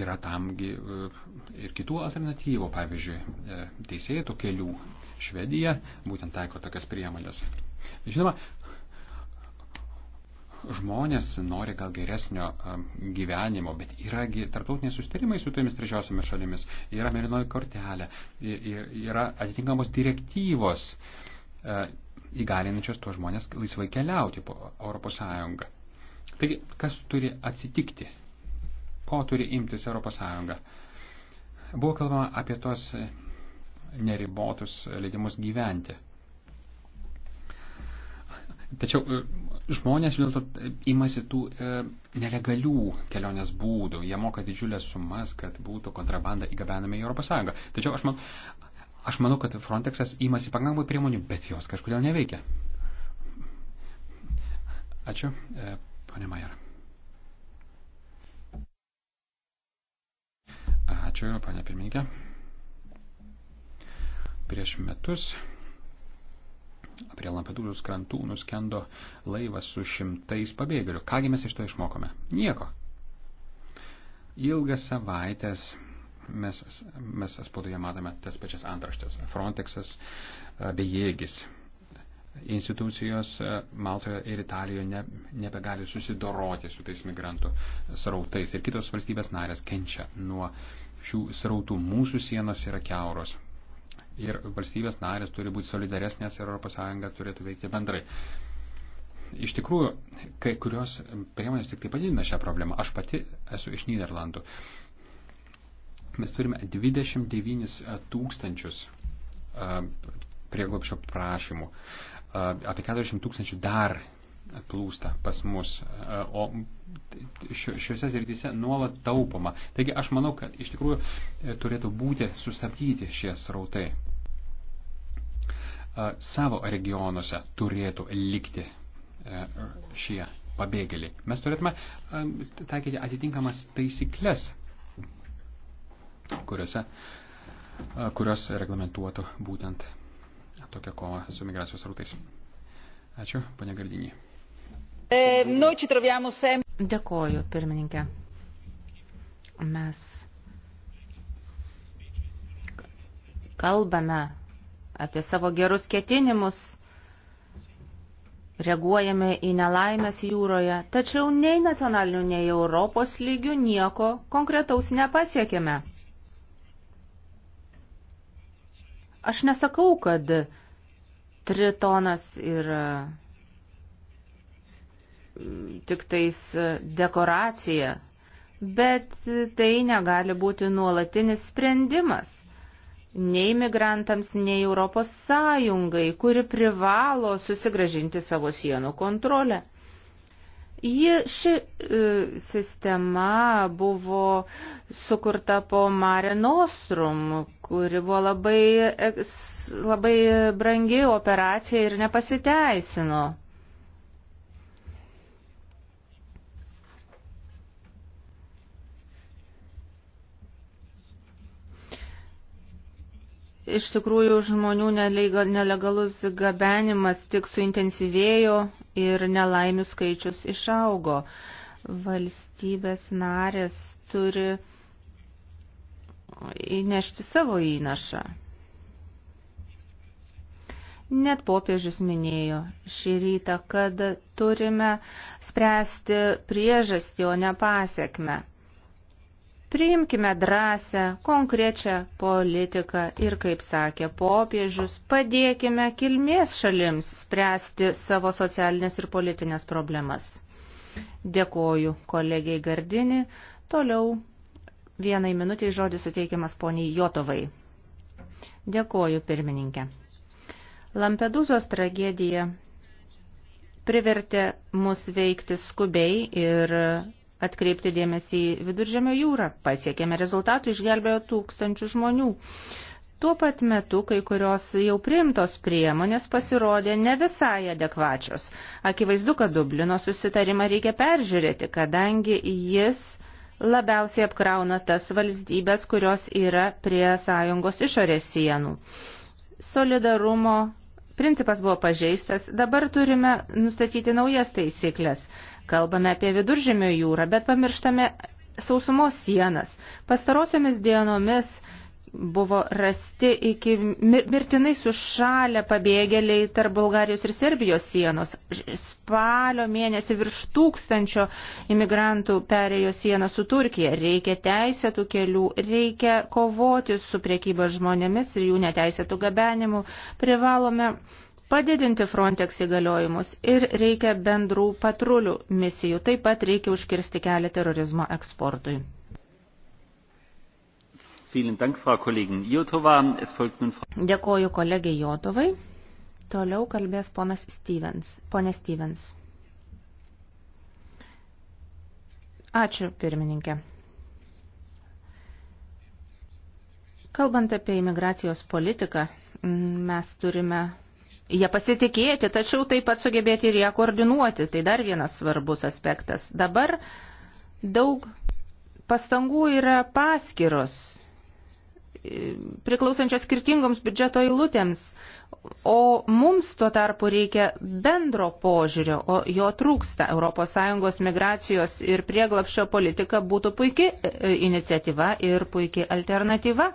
Yra tamgi ir kitų alternatyvų, pavyzdžiui, teisėjų kelių Švedija būtent taiko tokias priemonės. Žinoma, žmonės nori gal geresnio um, gyvenimo, bet yragi tarptautiniai sustarimai su tomis trečiosiomis šalimis, yra merinoji kortelė, yra atitinkamos direktyvos e, įgalinančios tuos žmonės laisvai keliauti po Europos Sąjungą. Taigi, kas turi atsitikti? Ko turi imtis Europos Sąjunga? Buvo kalbama apie tos neribotus leidimus gyventi. Tačiau e, žmonės vis dėlto e, imasi tų e, nelegalių kelionės būdų. Jie moka didžiulės sumas, kad būtų kontrabanda įgabenama į ES. Tačiau aš, man, aš manau, kad Frontexas imasi pakankamai priemonių, bet jos kažkodėl neveikia. Ačiū, e, ponė Majer. Ačiū, ponė pirmininkė. Prieš metus prie Lampedūzos krantų nuskendo laivas su šimtais pabėgėlių. Kągi mes iš to išmokome? Nieko. Ilgas savaitės mes, mes spaudoje matome tas pačias antraštės. Frontexas bejėgis. Institucijos e, Maltoje ir Italijoje ne, nebegali susidoroti su tais migrantų srautais ir kitos valstybės narės kenčia nuo šių srautų. Mūsų sienos yra keuros ir valstybės narės turi būti solidaresnės ir ES turėtų veikti bendrai. Iš tikrųjų, kai kurios priemonės tik tai padidina šią problemą. Aš pati esu iš Niderlandų. Mes turime 29 tūkstančius prieglopšio prašymų. Apie 40 tūkstančių dar plūsta pas mus, e, o šiuose srityse nuolat taupoma. Taigi aš manau, kad iš tikrųjų e, turėtų būti sustabdyti šie srautai. E, savo regionuose turėtų likti šie pabėgėliai. Mes turėtume taikyti atitinkamas taisyklės, kuriuose, kurios reglamentuotų būtent tokią kovą su migracijos rautais. Ačiū, pane Gardinį. E, Dėkoju, pirmininkė. Mes kalbame apie savo gerus ketinimus, reaguojame į nelaimės jūroje, tačiau nei nacionalinių, nei Europos lygių nieko konkretaus nepasiekėme. Aš nesakau, kad tritonas yra tik tais dekoracija, bet tai negali būti nuolatinis sprendimas nei migrantams, nei Europos Sąjungai, kuri privalo susigražinti savo sienų kontrolę. Ji ši e, sistema buvo sukurta po Mare Nostrum, kuri buvo labai, labai brangi operacija ir nepasiteisino. Iš tikrųjų, žmonių nelegalus gabenimas tik suintensyvėjo ir nelaimių skaičius išaugo. Valstybės narės turi įnešti savo įnašą. Net popiežius minėjo šį rytą, kad turime spręsti priežastį, o ne pasiekme. Priimkime drąsę, konkrečią politiką ir, kaip sakė popiežius, padėkime kilmės šalims spręsti savo socialinės ir politinės problemas. Dėkoju kolegiai Gardini. Toliau vienai minutiai žodis suteikiamas poniai Jotovai. Dėkoju, pirmininkė. Lampedūzos tragedija privertė mus veikti skubiai ir atkreipti dėmesį į viduržemio jūrą. Pasiekėme rezultatų, išgelbėjo tūkstančių žmonių. Tuo pat metu kai kurios jau priimtos priemonės pasirodė ne visai adekvačios. Akivaizdu, kad Dublino susitarimą reikia peržiūrėti, kadangi jis labiausiai apkrauna tas valstybės, kurios yra prie sąjungos išorės sienų. Solidarumo principas buvo pažeistas, dabar turime nustatyti naujas taisyklės. Kalbame apie viduržėmio jūrą, bet pamirštame sausumos sienas. Pastarosiomis dienomis buvo rasti iki mirtinai sušalę pabėgėliai tarp Bulgarijos ir Serbijos sienos. Spalio mėnesį virš tūkstančio imigrantų perėjo sieną su Turkija. Reikia teisėtų kelių, reikia kovoti su priekyba žmonėmis ir jų neteisėtų gabenimu. Privalome padidinti Frontex įgaliojimus ir reikia bendrų patrulių misijų. Taip pat reikia užkirsti kelią terorizmo eksportui. Dėkoju kolegiai Jotovai. Toliau kalbės ponas Stevens. Pone Stevens. Ačiū, pirmininkė. Kalbant apie imigracijos politiką, mes turime jie pasitikėti, tačiau taip pat sugebėti ir ją koordinuoti. Tai dar vienas svarbus aspektas. Dabar daug pastangų yra paskiros e, priklausančios skirtingoms biudžeto eilutėms, o mums tuo tarpu reikia bendro požiūrio, o jo trūksta. ES migracijos ir prieglapščio politika būtų puikia e, e, iniciatyva ir puikia alternatyva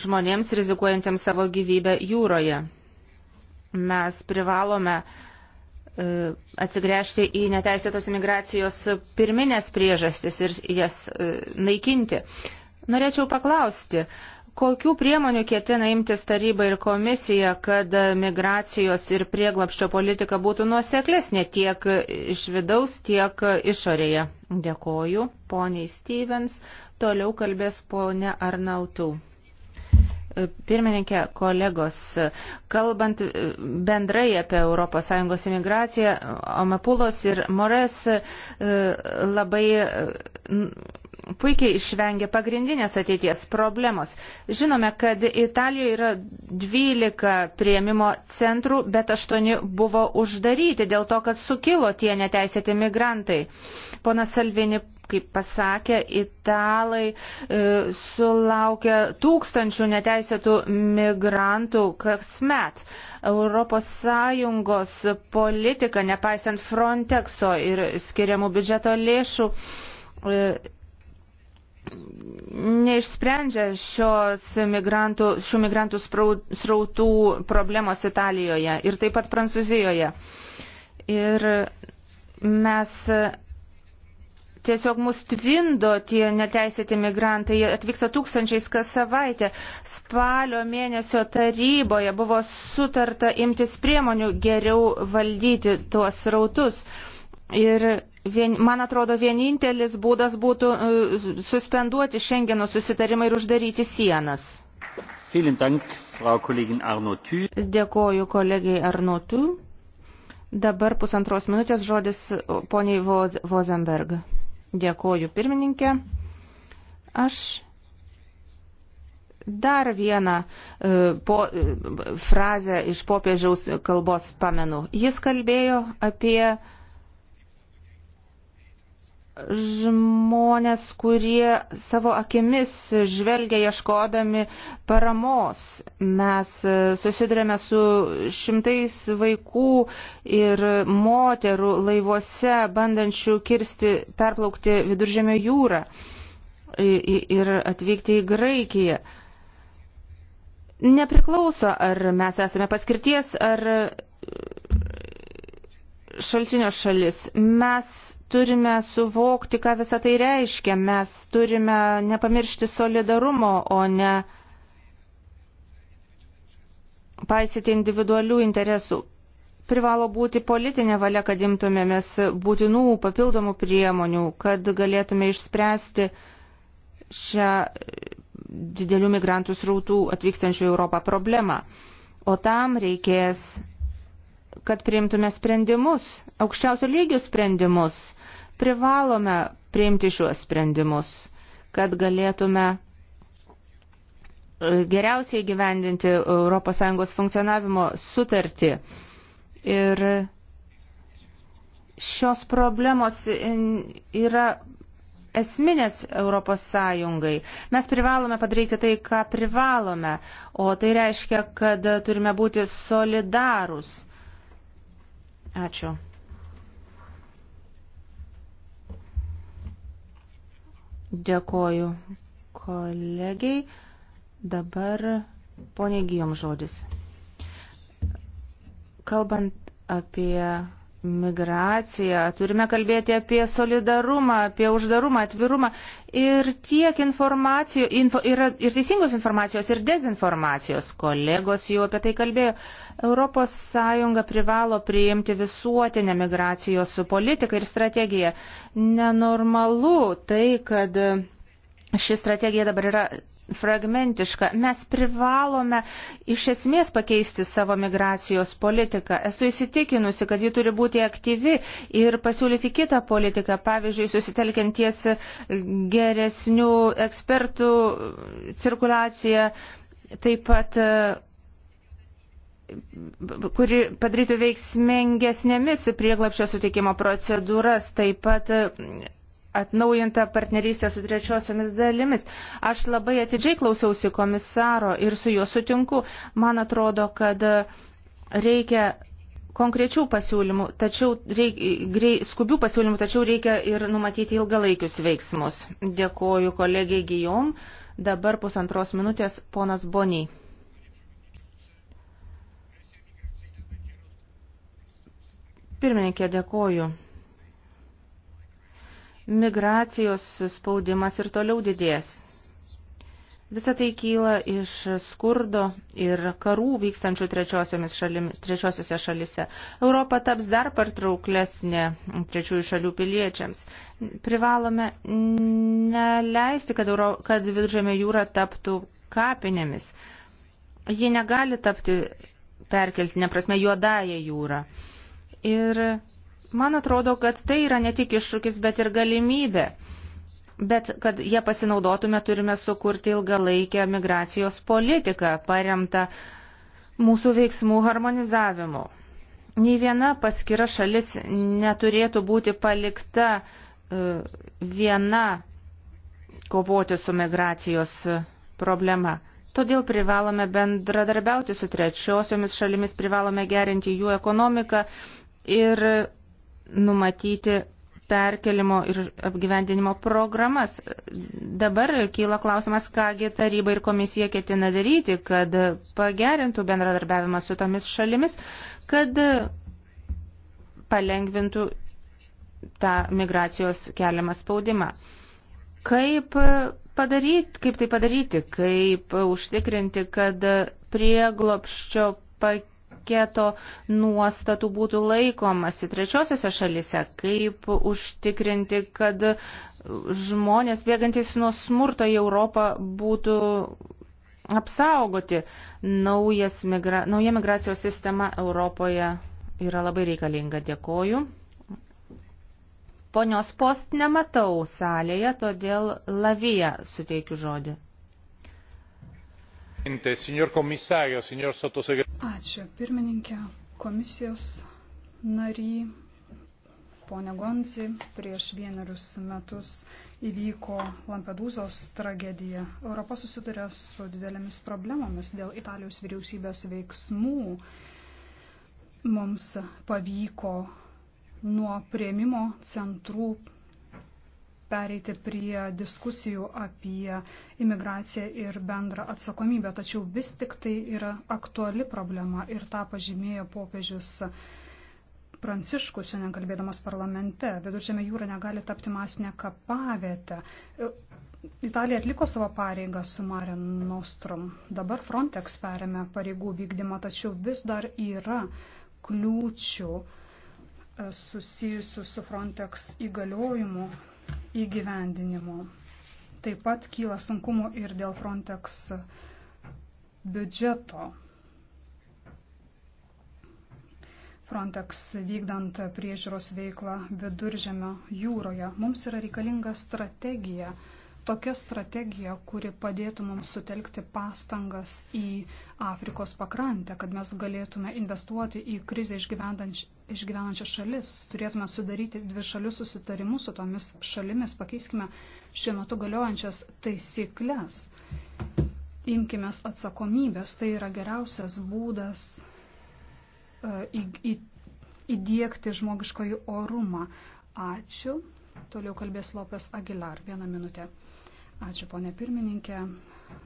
žmonėms rizikuojantiems savo gyvybę jūroje. Mes privalome e, atsigręžti į neteisėtos imigracijos pirminės priežastis ir jas e, naikinti. Norėčiau paklausti, kokių priemonių ketina imtis taryba ir komisija, kad migracijos ir prieglapščio politika būtų nuoseklesnė tiek iš vidaus, tiek išorėje. Dėkoju, poniai Stevens. Toliau kalbės ponia Arnautų. Pirmininkė, kolegos, kalbant bendrai apie ES imigraciją, Omapulos ir Mores e, labai e, puikiai išvengė pagrindinės ateities problemos. Žinome, kad Italijoje yra 12 prieimimo centrų, bet 8 buvo uždaryti dėl to, kad sukilo tie neteisėti migrantai. Ponas Salvini, kaip pasakė, italai e, sulaukia tūkstančių neteisėtų migrantų kasmet. ES politika, nepaisant Frontexo ir skiriamų biudžeto lėšų, e, neišsprendžia šios migrantų, šių migrantų srautų problemos Italijoje ir taip pat Prancūzijoje. Ir mes Tiesiog mus tvindo tie neteisėti migrantai, jie atvyksta tūkstančiais kas savaitę. Spalio mėnesio taryboje buvo sutarta imtis priemonių geriau valdyti tuos rautus. Ir vien, man atrodo, vienintelis būdas būtų uh, suspenduoti Šengeno susitarimą ir uždaryti sienas. Dank, Frau Dėkoju kolegijai Arnotu. Dabar pusantros minutės žodis poniai Voz Vozenberg. Dėkoju pirmininkė. Aš dar vieną e, po, e, frazę iš popiežiaus kalbos pamenu. Jis kalbėjo apie žmonės, kurie savo akimis žvelgia ieškodami paramos. Mes susidurėme su šimtais vaikų ir moterų laivuose, bandančių kirsti, perplaukti viduržėmio jūrą ir atvykti į Graikiją. Nepriklauso, ar mes esame paskirties, ar šaltinio šalis. Mes turime suvokti, ką visą tai reiškia. Mes turime nepamiršti solidarumo, o ne paisyti individualių interesų. Privalo būti politinė valia, kad imtumėmės būtinų papildomų priemonių, kad galėtume išspręsti šią didelių migrantų srautų atvykstančių į Europą problemą. O tam reikės, kad priimtume sprendimus, aukščiausio lygio sprendimus privalome priimti šiuos sprendimus, kad galėtume e, geriausiai gyvendinti ES funkcionavimo sutartį. Ir šios problemos yra esminės Europos Sąjungai. Mes privalome padaryti tai, ką privalome, o tai reiškia, kad turime būti solidarūs. Ačiū. Dėkoju kolegiai. Dabar ponė Gijom žodis. Kalbant apie migraciją, turime kalbėti apie solidarumą, apie uždarumą, atvirumą ir tiek informacijos, info, yra ir teisingos informacijos, ir dezinformacijos. Kolegos jau apie tai kalbėjo. Europos Sąjunga privalo priimti visuotinę migracijos politiką ir strategiją. Nenormalu tai, kad ši strategija dabar yra fragmentiška. Mes privalome iš esmės pakeisti savo migracijos politiką. Esu įsitikinusi, kad ji turi būti aktyvi ir pasiūlyti kitą politiką, pavyzdžiui, susitelkianties geresnių ekspertų cirkulaciją, taip pat kuri padarytų veiksmingesnėmis prieglapšio suteikimo procedūras, taip pat atnaujinta partnerystė su trečiosiomis dalimis. Aš labai atidžiai klausiausi komisaro ir su juo sutinku. Man atrodo, kad reikia konkrečių pasiūlymų, tačiau reik, grei, skubių pasiūlymų, tačiau reikia ir numatyti ilgalaikius veiksmus. Dėkuoju kolegiai Gijom. Dabar pusantros minutės ponas Boniai. Pirmininkė, dėkuoju migracijos spaudimas ir toliau didės. Visą tai kyla iš skurdo ir karų vykstančių šalimis, trečiosiose šalise. Europa taps dar partrauklesnė trečiųjų šalių piliečiams. Privalome neleisti, kad, Euro, kad viduržėmė jūra taptų kapinėmis. Ji negali tapti perkeltinė prasme juodąją jūrą. Ir Man atrodo, kad tai yra ne tik iššūkis, bet ir galimybė. Bet kad jie pasinaudotume, turime sukurti ilgalaikę migracijos politiką, paremtą mūsų veiksmų harmonizavimu. Nei viena paskira šalis neturėtų būti palikta e, viena kovoti su migracijos e, problema. Todėl privalome bendradarbiauti su trečiosiomis šalimis, privalome gerinti jų ekonomiką ir numatyti perkelimo ir apgyvendinimo programas. Dabar kyla klausimas, kągi taryba ir komisija ketina daryti, kad pagerintų bendradarbiavimą su tomis šalimis, kad palengvintų tą migracijos keliamą spaudimą. Kaip, padaryti, kaip tai padaryti, kaip užtikrinti, kad prieglopščio pak paketo nuostatų būtų laikomasi trečiosiose šalise, kaip užtikrinti, kad žmonės bėgantis nuo smurto į Europą būtų apsaugoti. Naujas migra... Nauja migracijos sistema Europoje yra labai reikalinga. Dėkoju. Ponios post nematau salėje, todėl laviją suteikiu žodį. Signor komisario, signor sottosegretario. Ačiū pirmininkė, komisijos nary, ponė Gonci, prieš vienerius metus įvyko Lampedūzos tragedija. Europa susiduria su didelėmis problemomis dėl Italijos vyriausybės veiksmų. Mums pavyko nuo prieimimo centrų pereiti prie diskusijų apie imigraciją ir bendrą atsakomybę, tačiau vis tik tai yra aktuali problema ir tą pažymėjo popiežius. Pranciškus šiandien kalbėdamas parlamente, viduržėme jūra negali tapti masinę kapavietę. Italija atliko savo pareigą su Mare Nostrum. Dabar Frontex perėmė pareigų vykdymą, tačiau vis dar yra kliūčių e, susijusių su Frontex įgaliojimu įgyvendinimo. Taip pat kyla sunkumų ir dėl Frontex biudžeto. Frontex vykdant priežiūros veiklą viduržemio jūroje. Mums yra reikalinga strategija tokia strategija, kuri padėtų mums sutelkti pastangas į Afrikos pakrantę, kad mes galėtume investuoti į krizę išgyvenančias šalis, turėtume sudaryti dvi šalius susitarimus su tomis šalimis, pakeiskime šiuo metu galiojančias taisyklės, imkime atsakomybės, tai yra geriausias būdas e, į, į, įdėkti žmogiškojų orumą. Ačiū. Toliau kalbės Lopes Aguilar. Vieną minutę. Ačiū, ponė pirmininkė.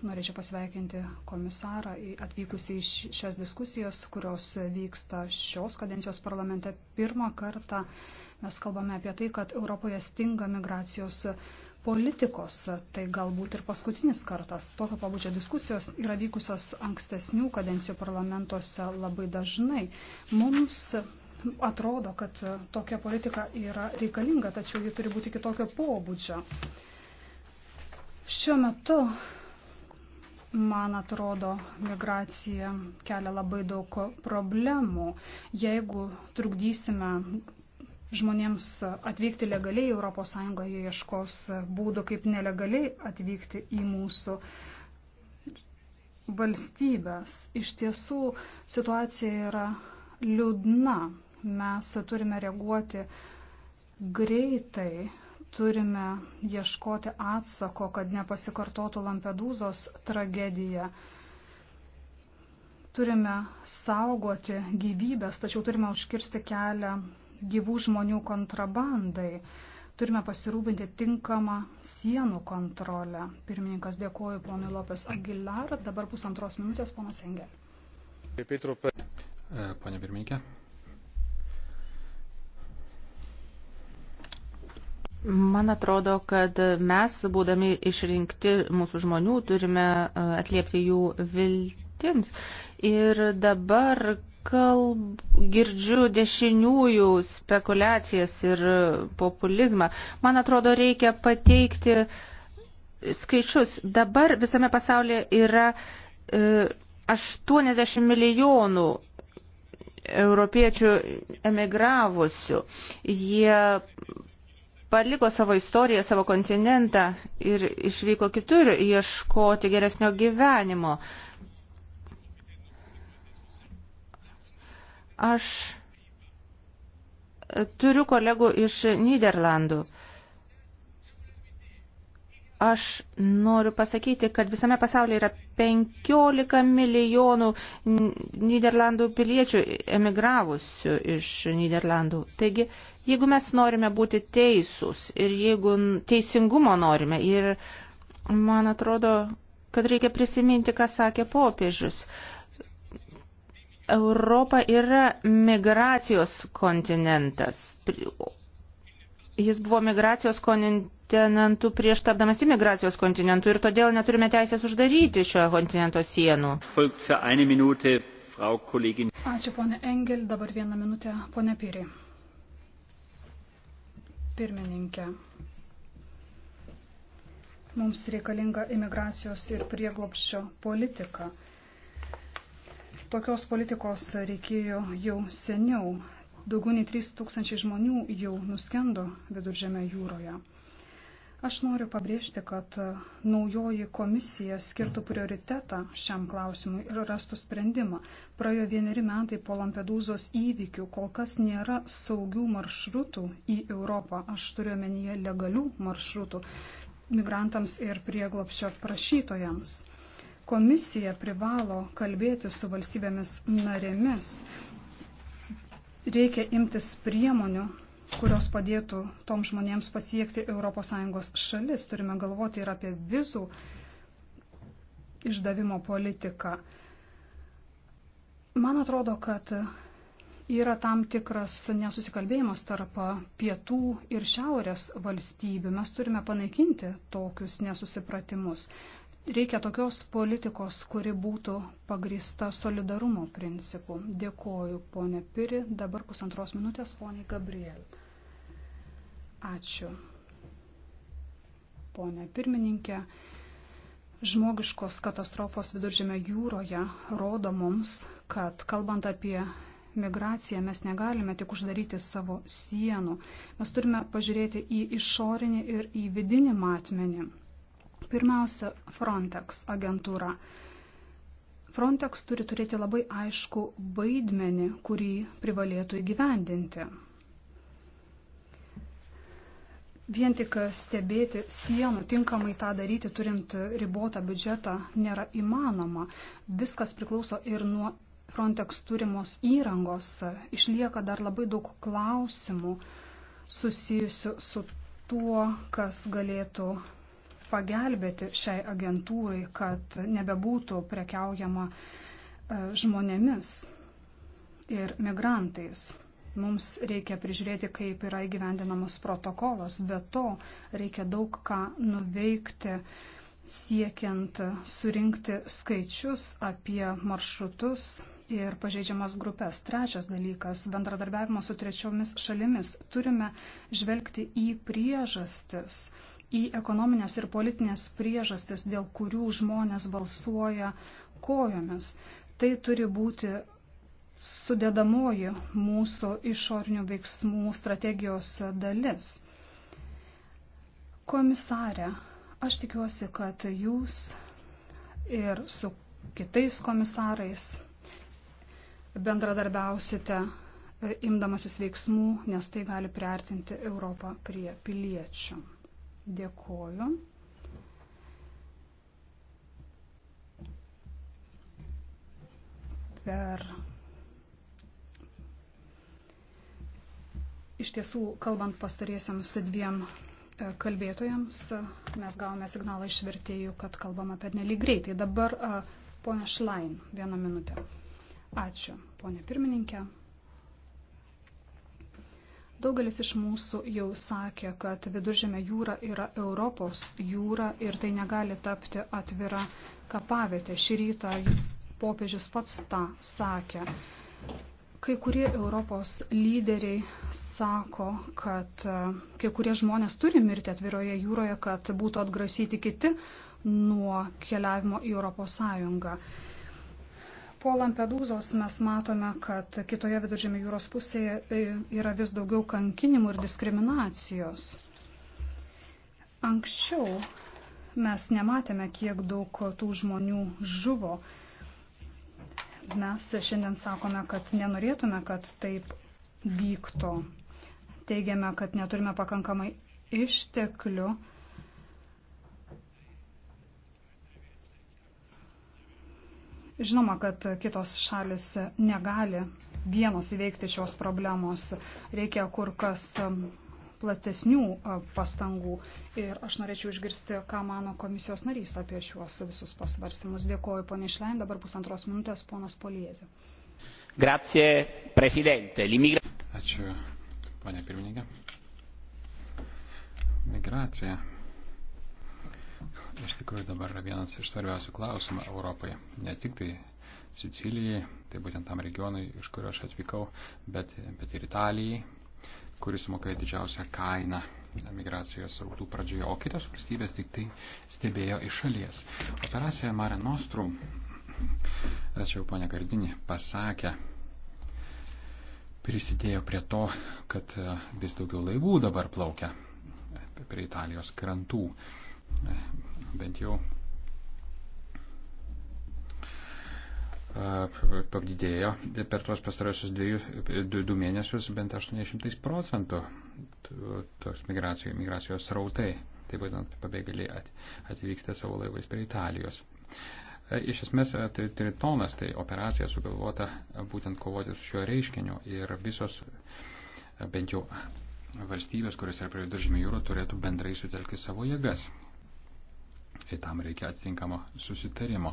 Norėčiau pasveikinti komisarą atvykusį iš šias diskusijos, kurios vyksta šios kadencijos parlamente. Pirmą kartą mes kalbame apie tai, kad Europoje stinga migracijos politikos. Tai galbūt ir paskutinis kartas. Tokio pabudžio diskusijos yra vykusios ankstesnių kadencijų parlamentuose labai dažnai. Mums atrodo, kad tokia politika yra reikalinga, tačiau ji turi būti kitokio pobūdžio. Šiuo metu, man atrodo, migracija kelia labai daug problemų. Jeigu trukdysime žmonėms atvykti legaliai į ES, jie ieškos būdų, kaip nelegaliai atvykti į mūsų valstybės. Iš tiesų situacija yra liūdna. Mes turime reaguoti greitai, turime ieškoti atsako, kad nepasikartotų Lampedūzos tragedija. Turime saugoti gyvybės, tačiau turime užkirsti kelią gyvų žmonių kontrabandai. Turime pasirūpinti tinkamą sienų kontrolę. Pirmininkas dėkoju ponui Lopes Aguilar. Dabar pusantros minutės ponas Engel. Pane pirmininkė. Man atrodo, kad mes, būdami išrinkti mūsų žmonių, turime e, atliepti jų viltims. Ir dabar kalb, girdžiu dešiniųjų spekulacijas ir populizmą. Man atrodo, reikia pateikti skaičius. Dabar visame pasaulyje yra 80 e, milijonų europiečių emigravusių. Jie paliko savo istoriją, savo kontinentą ir išvyko kitur ieškoti geresnio gyvenimo. Aš turiu kolegų iš Niderlandų. Aš noriu pasakyti, kad visame pasaulyje yra 15 milijonų Niderlandų piliečių emigravusių iš Niderlandų. Taigi, jeigu mes norime būti teisūs ir jeigu teisingumo norime, ir man atrodo, kad reikia prisiminti, ką sakė popiežius. Europa yra migracijos kontinentas. Jis buvo migracijos kontinentas kontinentu prieš tapdamas imigracijos kontinentu ir todėl neturime teisės uždaryti šio kontinento sienų. Ačiū, ponė Engel. Dabar vieną minutę, ponė Pyrė. Pirmininkė. Mums reikalinga imigracijos ir prieglopščio politika. Tokios politikos reikėjo jau seniau. Daugiau nei 3000 žmonių jau nuskendo viduržėme jūroje. Aš noriu pabrėžti, kad e, naujoji komisija skirtų prioritetą šiam klausimui ir rastų sprendimą. Praėjo vieneri metai po Lampedūzos įvykių, kol kas nėra saugių maršrutų į Europą, aš turiu omenyje legalių maršrutų migrantams ir prieglopščio prašytojams. Komisija privalo kalbėti su valstybėmis narėmis. Reikia imtis priemonių kurios padėtų tom žmonėms pasiekti ES šalis. Turime galvoti ir apie vizų išdavimo politiką. Man atrodo, kad yra tam tikras nesusikalbėjimas tarp pietų ir šiaurės valstybių. Mes turime panaikinti tokius nesusipratimus. Reikia tokios politikos, kuri būtų pagrįsta solidarumo principu. Dėkoju, ponė Piri. Dabar pusantros minutės, ponė Gabriel. Ačiū. Pone pirmininkė, žmogiškos katastrofos viduržėme jūroje rodo mums, kad kalbant apie migraciją mes negalime tik uždaryti savo sienų. Mes turime pažiūrėti į išorinį ir į vidinį matmenį Pirmiausia, Frontex agentūra. Frontex turi turėti labai aišku vaidmenį, kurį privalėtų įgyvendinti. Vien tik stebėti sienų, tinkamai tą daryti, turint ribotą biudžetą, nėra įmanoma. Viskas priklauso ir nuo Frontex turimos įrangos. Išlieka dar labai daug klausimų susijusių su tuo, kas galėtų pagelbėti šiai agentūrai, kad nebebūtų prekiaujama e, žmonėmis ir migrantais. Mums reikia prižiūrėti, kaip yra įgyvendinamas protokolas, bet to reikia daug ką nuveikti siekiant surinkti skaičius apie maršrutus ir pažeidžiamas grupės. Trečias dalykas - bendradarbiavimas su trečiomis šalimis. Turime žvelgti į priežastis į ekonominės ir politinės priežastis, dėl kurių žmonės balsuoja kojomis. Tai turi būti sudėdamoji mūsų išorinių veiksmų strategijos dalis. Komisarė, aš tikiuosi, kad jūs ir su kitais komisarais bendradarbiausite imdamasis veiksmų, nes tai gali priartinti Europą prie piliečių. Dėkoju. Per. Iš tiesų, kalbant pastariesiams dviem e, kalbėtojams, mes gavome signalą iš vertėjų, kad kalbama per nelį greitai. Dabar e, ponia Šlain, vieną minutę. Ačiū, ponia pirmininkė. Daugelis iš mūsų jau sakė, kad viduržėme jūra yra Europos jūra ir tai negali tapti atvira kapavietė. Šį rytą popiežius pats tą sakė. Kai kurie Europos lyderiai sako, kad e, kai kurie žmonės turi mirti atviroje jūroje, kad būtų atgrasyti kiti nuo keliavimo į Europos Sąjungą. Po Lampedūzos mes matome, kad kitoje viduržėmio jūros pusėje e, yra vis daugiau kankinimų ir diskriminacijos. Anksčiau mes nematėme, kiek daug tų žmonių žuvo. Mes šiandien sakome, kad nenorėtume, kad taip vyktų. Teigiame, kad neturime pakankamai išteklių Žinoma, kad kitos šalis negali vienos įveikti šios problemos. Reikia kur kas um, platesnių uh, pastangų. Ir aš norėčiau išgirsti, ką mano komisijos narys apie šiuos visus pasvarstymus. Dėkoju, ponė Šlein, dabar pusantros minutės, ponas Poliezė. Grazie, prezidente. L'immigra... Ačiū, ponė pirmininkė. Migracija iš tikrųjų dabar yra vienas iš svarbiausių klausimų Europai. Ne tik tai Sicilijai, tai būtent tam regionui, iš kurio aš atvykau, bet, bet ir Italijai, kuris mokėjo didžiausią kainą migracijos rautų pradžioje, o kitos valstybės tik tai stebėjo iš šalies. Operacija Mare Nostrum, tačiau ponia Gardinė pasakė, prisidėjo prie to, kad vis daugiau laivų dabar plaukia prie Italijos krantų bent jau padidėjo per tuos pastarosius du, du mėnesius bent 800 procentų tos migracijos, migracijos srautai. Tai būtent pabėgėliai atvyksta savo laivais prie Italijos. Iš esmės, Tritonas tai operacija sugalvota būtent kovoti su šiuo reiškiniu ir visos bent jau valstybės, kuris yra prie viduržymį jūrų, turėtų bendrai sutelkti savo jėgas ir tam reikia atitinkamo susitarimo.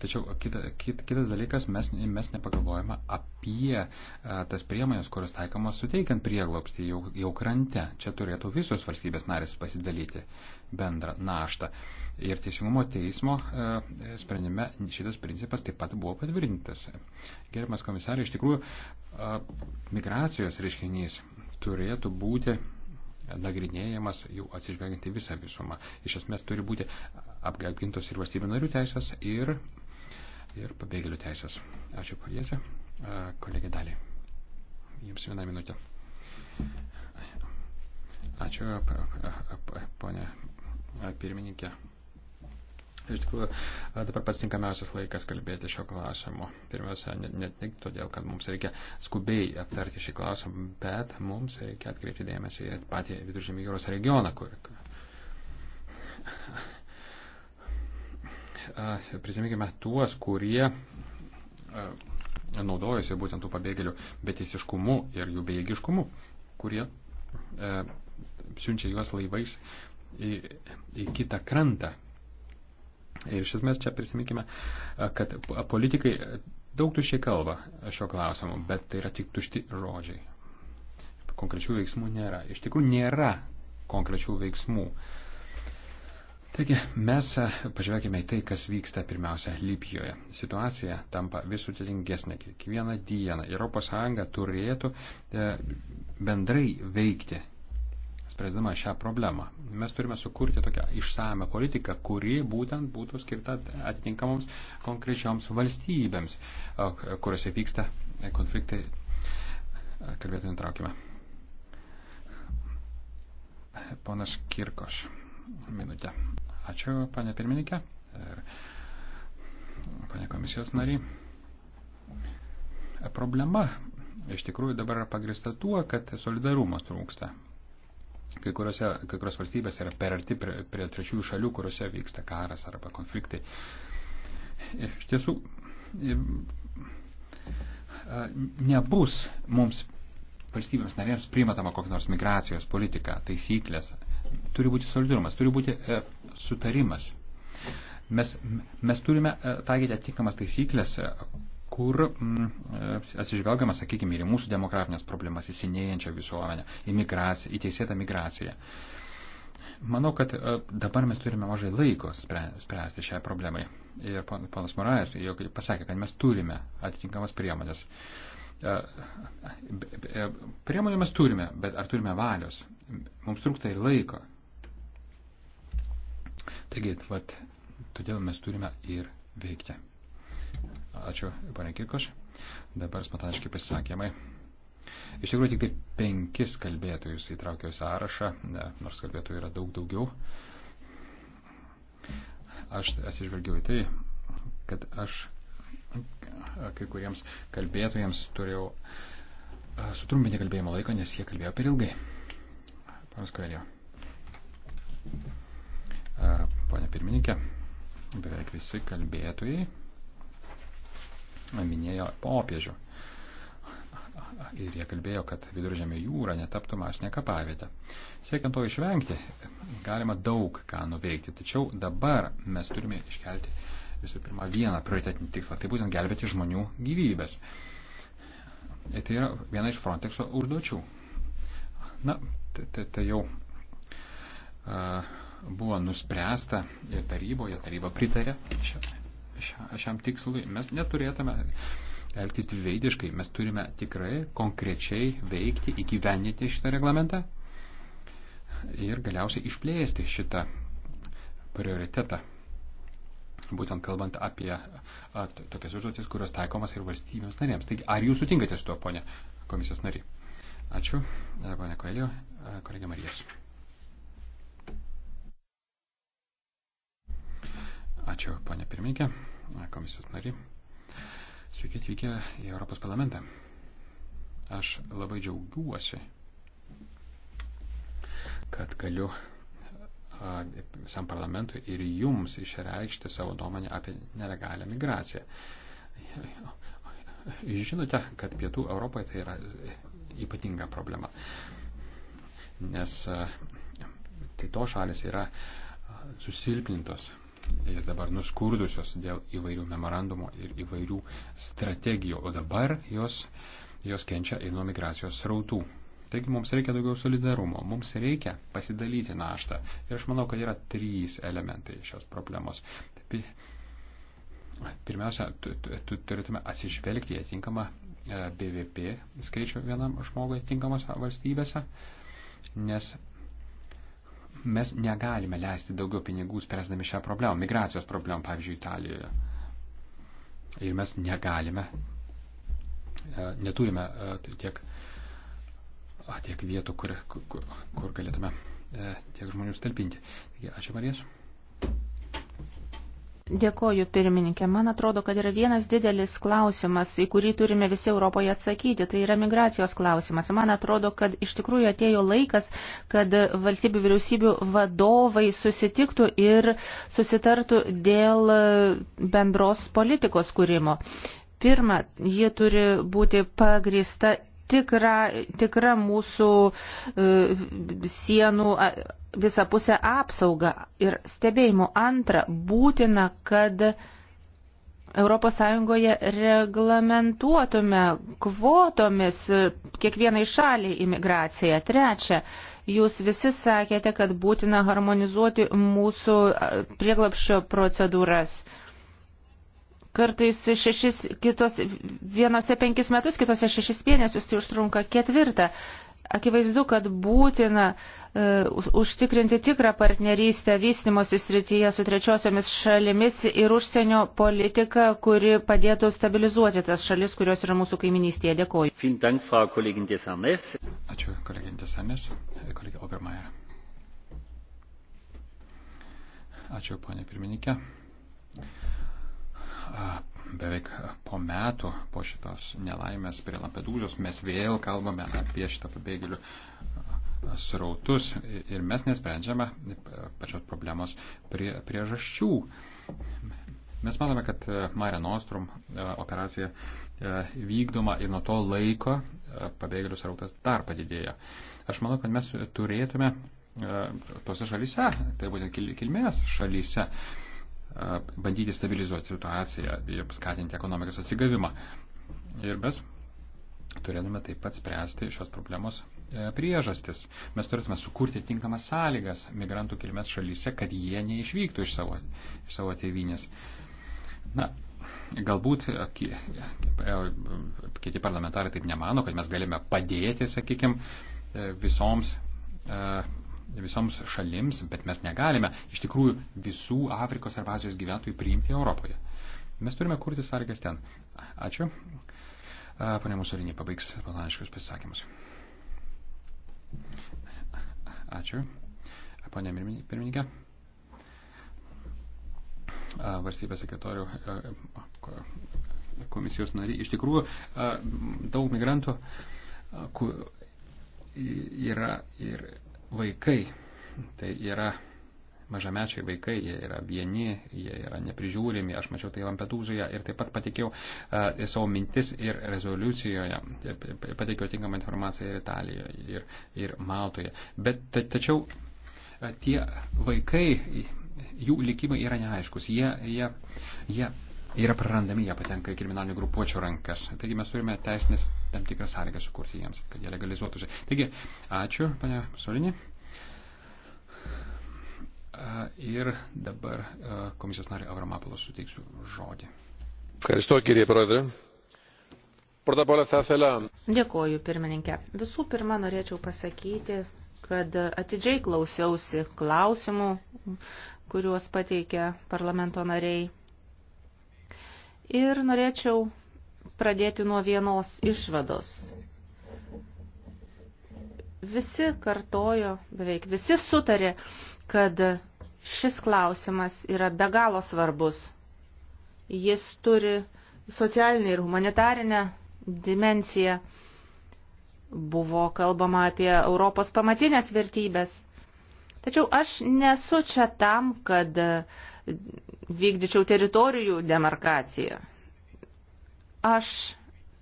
Tačiau kita, kit, kitas dalykas, mes, mes nepagalvojame apie a, e, tas priemonės, kurios taikomos suteikiant prieglobstį jau, jau krante. Čia turėtų visos valstybės narės pasidalyti bendrą naštą. Ir Teisingumo teismo a, e, sprendime šitas principas taip pat buvo patvirtintas. Gerimas komisarė, iš tikrųjų, a, e, migracijos reiškinys turėtų būti nagrinėjamas jau atsižvelgiant į visą visumą. Iš esmės turi būti apgintos ir valstybių narių teisės, ir, ir pabėgėlių teisės. Ačiū, Pariezė. Kolegė Dalį. Jums vieną minutę. Ačiū, ponė pirmininkė. Iš tikrųjų, dabar pats tinkamiausias laikas kalbėti šio klausimu. Pirmiausia, net tik todėl, kad mums reikia skubiai aptarti šį klausimą, bet mums reikia atkreipti dėmesį į patį Viduržėmio jūros regioną, kur, prisiminkime tuos, kurie naudojasi būtent tų pabėgėlių beteisiškumu ir jų bejėgiškumu, kurie siunčia juos laivais į, į kitą krantą. Ir iš esmės čia prisiminkime, kad politikai daug tuščiai kalba šio klausimu, bet tai yra tik tušti žodžiai. Konkrečių veiksmų nėra. Iš tikrųjų nėra konkrečių veiksmų. Uh, Taigi mes e, pažvelgime į tai, kas vyksta pirmiausia Libijoje. Situacija tampa vis sudėtingesnė. Kiekvieną dieną ES turėtų e, bendrai veikti, spręsdama šią problemą. Mes turime sukurti tokią išsame politiką, kuri būtent būtų skirta atitinkamoms konkrečioms valstybėms, kuriuose vyksta konfliktai. Kalbėtojų nutraukime. Ponas Kirkoš minutę. Ačiū, panė pirmininkė ir panė komisijos nariai. Problema iš tikrųjų dabar yra pagrista tuo, kad solidarumo trūksta. Kai, kuriuose, kai kurios valstybės yra per arti prie, prie trečiųjų šalių, kuriuose vyksta karas arba konfliktai. Iš tiesų, nebus mums valstybėms narėms primatama kokia nors migracijos politika, taisyklės turi būti solidarumas, turi būti e, sutarimas. Mes, mes turime e, taikyti atitinkamas taisyklės, e, kur m, mm, e, atsižvelgiama, sakykime, ir į mūsų demografinės problemas, į senėjančią visuomenę, į migraciją, į teisėtą migraciją. Manau, kad e, dabar mes turime mažai laiko spręsti šią problemą. Ir ponas Morajas jau pasakė, kad mes turime atitinkamas priemonės. E, E, e, priemonių mes turime, bet ar turime valios? Mums trūksta ir laiko. Taigi, vat, todėl mes turime ir veikti. Ačiū, pane Kirkoš. Dabar spontaniškai pasisakymai. Iš tikrųjų, tik tai penkis kalbėtojus įtraukiau sąrašą, nors kalbėtojų yra daug daugiau. Aš atsižvelgiau į tai, kad aš kai kuriems kalbėtojams turėjau e, sutrumpinti kalbėjimo laiką, nes jie kalbėjo per ilgai. Panas Koelio. Pane pirmininkė, beveik visi kalbėtojai minėjo popiežių. Ir jie kalbėjo, kad viduržėmė jūra netaptų masinė kapavietė. Siekiant to išvengti, galima daug ką nuveikti, tačiau dabar mes turime iškelti visų pirma vieną prioritetinį tikslą, tai būtent gelbėti žmonių gyvybės. Ir tai yra viena iš Frontexo užduočių. Na, tai, tai, tai jau uh, buvo nuspręsta ir taryboje, taryba pritarė šia, šia, šiam tikslui. Mes neturėtume elgtis dviveidiškai, mes turime tikrai konkrečiai veikti, įgyveninti šitą reglamentą ir galiausiai išplėsti šitą prioritetą būtent kalbant apie a, tokias užduotis, kurios taikomas ir valstybėms narėms. Taigi, ar jūs sutinkate su to, ponė komisijos nariai? Ačiū, ponė Koelio, kolegė Marijas. Ačiū, ponė pirmininkė, komisijos nariai. Sveiki atvykę į Europos parlamentą. Aš labai džiaugiuosi, kad galiu visam parlamentui ir jums išreikšti savo nuomonę apie nelegalią migraciją. Žinote, kad pietų Europoje tai yra ypatinga problema, nes tai to šalis yra susilpnintos ir dabar nuskurdusios dėl įvairių memorandumų ir įvairių strategijų, o dabar jos, jos kenčia ir nuo migracijos srautų. Taigi mums reikia daugiau solidarumo, mums reikia pasidalyti naštą. Ir aš manau, kad yra trys elementai šios problemos. Pirmiausia, turėtume atsižvelgti į atinkamą e, BVP skaičių vienam žmogui atinkamose valstybėse, nes mes negalime leisti daugiau pinigų spręsdami šią problemą, migracijos problemą, pavyzdžiui, Italijoje. Ir mes negalime, e, neturime e, tiek a, tiek vietų, kur, kur, kur galėtume e, tiek žmonių stalpinti. Taigi, ačiū Marijas. Dėkoju, pirmininkė. Man atrodo, kad yra vienas didelis klausimas, į kurį turime visi Europoje atsakyti. Tai yra migracijos klausimas. Man atrodo, kad iš tikrųjų atėjo laikas, kad valstybių vyriausybių vadovai susitiktų ir susitartų dėl bendros politikos kūrimo. Pirma, ji turi būti pagrįsta tikra, tikra mūsų e, sienų visapusę apsaugą ir stebėjimų. Antra, būtina, kad ES reglamentuotume kvotomis kiekvienai šaliai imigraciją. Trečia, jūs visi sakėte, kad būtina harmonizuoti mūsų prieglapščio procedūras kartais šešis, kitos, vienose penkis metus, kitose šešis mėnesius, tai užtrunka ketvirtą. Akivaizdu, kad būtina uh, užtikrinti tikrą partnerystę vystimosi srityje su trečiosiomis šalimis ir užsienio politiką, kuri padėtų stabilizuoti tas šalis, kurios yra mūsų kaiminystėje. Dėkoju. Ačiū, kolegintės Amės, e, kolegė Obermeier. Ačiū, ponė pirmininkė beveik po metų, po šitos nelaimės prie Lampedūzos, mes vėl kalbame apie šitą pabėgėlių srautus ir mes nesprendžiame pačios problemos prie, priežasčių. Mes matome, kad Mare Nostrum operacija vykdoma ir nuo to laiko pabėgėlių srautas dar padidėjo. Aš manau, kad mes turėtume tose šalyse, tai būtent kilmės šalyse, bandyti stabilizuoti situaciją ir skatinti ekonomikos atsigavimą. Ir mes turėtume taip pat spręsti šios problemos e, priežastis. Mes turėtume sukurti tinkamas sąlygas migrantų kilmės šalyse, kad jie neišvyktų iš savo, iš savo tėvynės. Na, galbūt e, e, kiti parlamentarai taip nemano, kad mes galime padėti, sakykime, visoms visoms šalims, bet mes negalime iš tikrųjų visų Afrikos ar Azijos gyventojų priimti Europoje. Mes turime kurti sąlygas ten. Ačiū. Pane Musolinė pabaigs panašius pasisakymus. Ačiū. Pane pirmininkė. Varstybės sekretorių komisijos nariai. Iš tikrųjų, daug migrantų yra ir vaikai, tai yra mažamečiai vaikai, jie yra vieni, jie yra neprižiūrimi, aš mačiau tai Lampedūzoje ir taip pat patikėjau e, savo mintis ir rezoliucijoje, e, patikėjau tinkamą informaciją ir Italijoje, ir, ir Maltoje. Bet ta, tačiau e, tie vaikai, jų likimai yra neaiškus, jie, jie, jie yra prarandami, jie patenka į kriminalinių grupuočių rankas. Taigi mes turime teisinės tam tikras sąlygas sukurti jiems, kad jie legalizuotųsi. Taigi, ačiū, pane Solinė. Ir dabar komisijos nariu Avramopolos suteiksiu žodį. Dėkoju, pirmininkė. Visų pirma, norėčiau pasakyti, kad atidžiai klausiausi klausimų, kuriuos pateikė parlamento nariai Ir norėčiau pradėti nuo vienos išvados. Visi kartojo, beveik visi sutarė, kad šis klausimas yra be galo svarbus. Jis turi socialinę ir humanitarinę dimensiją. Buvo kalbama apie Europos pamatinės vertybės. Tačiau aš nesu čia tam, kad uh, vykdyčiau teritorijų demarkaciją. Aš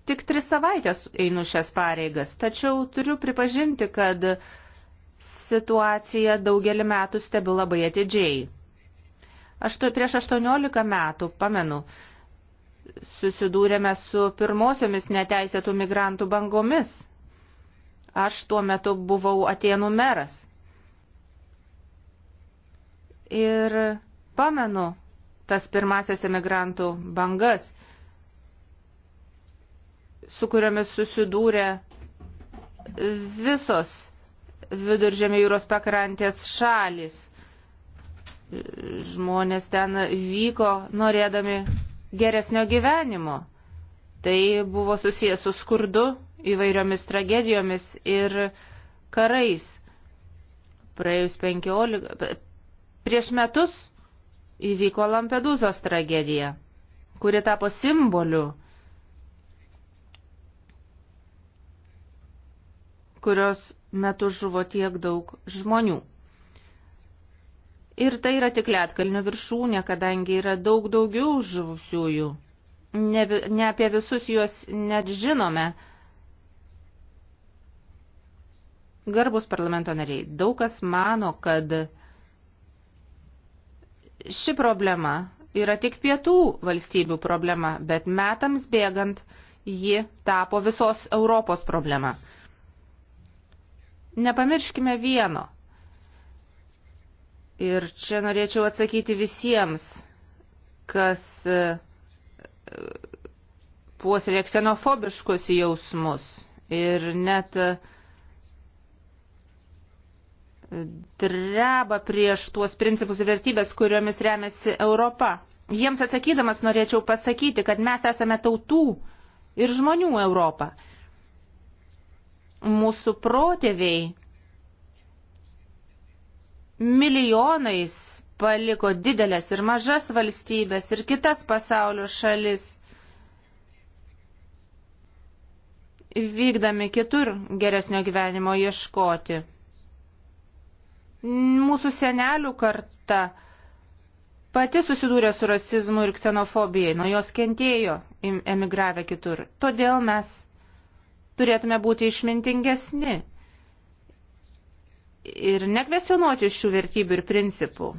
tik tris savaitės einu šias pareigas, tačiau turiu pripažinti, kad situaciją daugelį metų stebiu labai atidžiai. Aš tu, prieš 18 metų, pamenu, susidūrėme su pirmosiomis neteisėtų migrantų bangomis. Aš tuo metu buvau Atenų meras. Ir pamenu tas pirmasias emigrantų bangas, su kuriomis susidūrė visos viduržėmė jūros pakrantės šalis. Žmonės ten vyko norėdami geresnio gyvenimo. Tai buvo susijęs su skurdu, įvairiomis tragedijomis ir karais. Praėjus 15, prieš metus įvyko Lampedūzos tragedija, kuri tapo simboliu, kurios metu žuvo tiek daug žmonių. Ir tai yra tik lietkalnio viršūnė, kadangi yra daug daugiau žuvusiųjų. Ne, ne apie visus juos net žinome. Garbus parlamento nariai, daug kas mano, kad ši problema yra tik pietų valstybių problema, bet metams bėgant ji tapo visos Europos problema. Nepamirškime vieno. Ir čia norėčiau atsakyti visiems, kas e, e, puoselė ksenofobiškus jausmus ir net uh, dreba prieš tuos principus ir vertybės, kuriomis remiasi Europa. Jiems atsakydamas norėčiau pasakyti, kad mes esame tautų ir žmonių Europą. Mūsų protėviai milijonais paliko didelės ir mažas valstybės ir kitas pasaulio šalis, vykdami kitur geresnio gyvenimo ieškoti mūsų senelių karta pati susidūrė su rasizmu ir ksenofobijai, nuo jos kentėjo emigravę kitur. Todėl mes turėtume būti išmintingesni ir nekvesionuoti šių vertybių ir principų.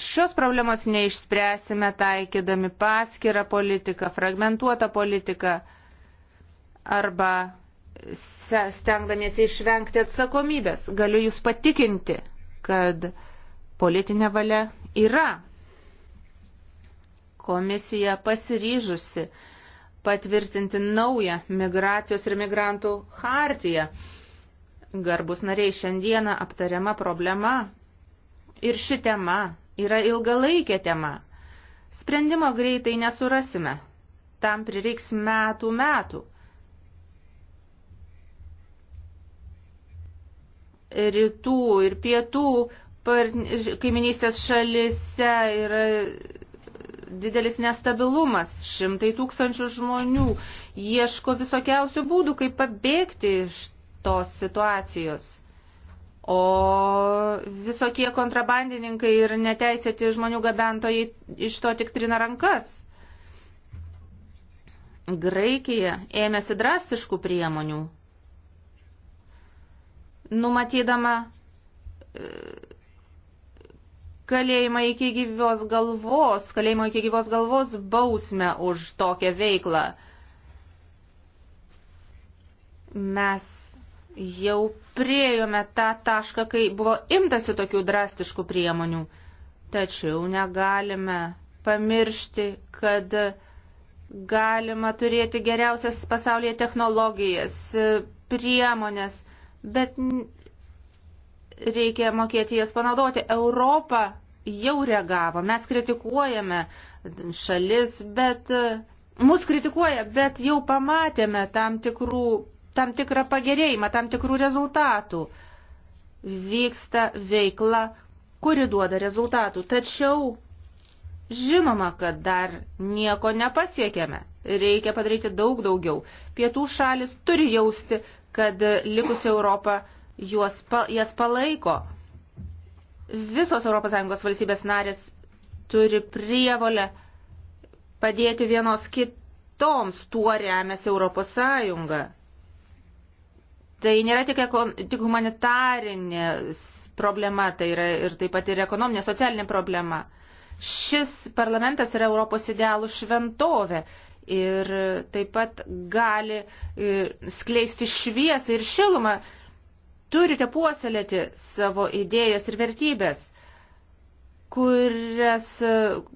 Šios problemos neišspręsime taikydami paskirą politiką, fragmentuotą politiką arba stengdamiesi išvengti atsakomybės. Galiu Jūs patikinti, kad politinė valia yra. Komisija pasiryžusi patvirtinti naują migracijos ir migrantų hartiją. Garbus nariai, šiandieną aptariama problema ir ši tema yra ilgalaikė tema. Sprendimo greitai nesurasime. Tam prireiks metų metų. rytų ir pietų kaiminystės šalise yra didelis nestabilumas. Šimtai tūkstančių žmonių ieško visokiausių būdų, kaip pabėgti iš tos situacijos. O visokie kontrabandininkai ir neteisėti žmonių gabentojai iš to tik trina rankas. Graikija ėmėsi drastiškų priemonių numatydama e, kalėjimą iki gyvos galvos, kalėjimo iki gyvos galvos bausmę už tokią veiklą. Mes jau priejome tą tašką, kai buvo imtasi tokių drastiškų priemonių. Tačiau negalime pamiršti, kad galima turėti geriausias pasaulyje technologijas, priemonės, bet reikia mokėti jas panaudoti. Europą jau reagavo, mes kritikuojame šalis, bet e, mus kritikuoja, bet jau pamatėme tam, tikrų, tam tikrą pagerėjimą, tam tikrų rezultatų. Vyksta veikla, kuri duoda rezultatų. Tačiau žinoma, kad dar nieko nepasiekėme. Reikia padaryti daug daugiau. Pietų šalis turi jausti, kad likusi Europa juos, jas palaiko. Visos ES valstybės narės turi prievolę padėti vienos kitoms, tuo remiasi ES. Tai nėra tik, ekon, tik humanitarinė problema, tai yra ir taip pat ir ekonominė, socialinė problema. Šis parlamentas yra Europos idealų šventovė ir taip pat gali e, skleisti šviesą ir šilumą. Turite puoselėti savo idėjas ir vertybės, kurias e,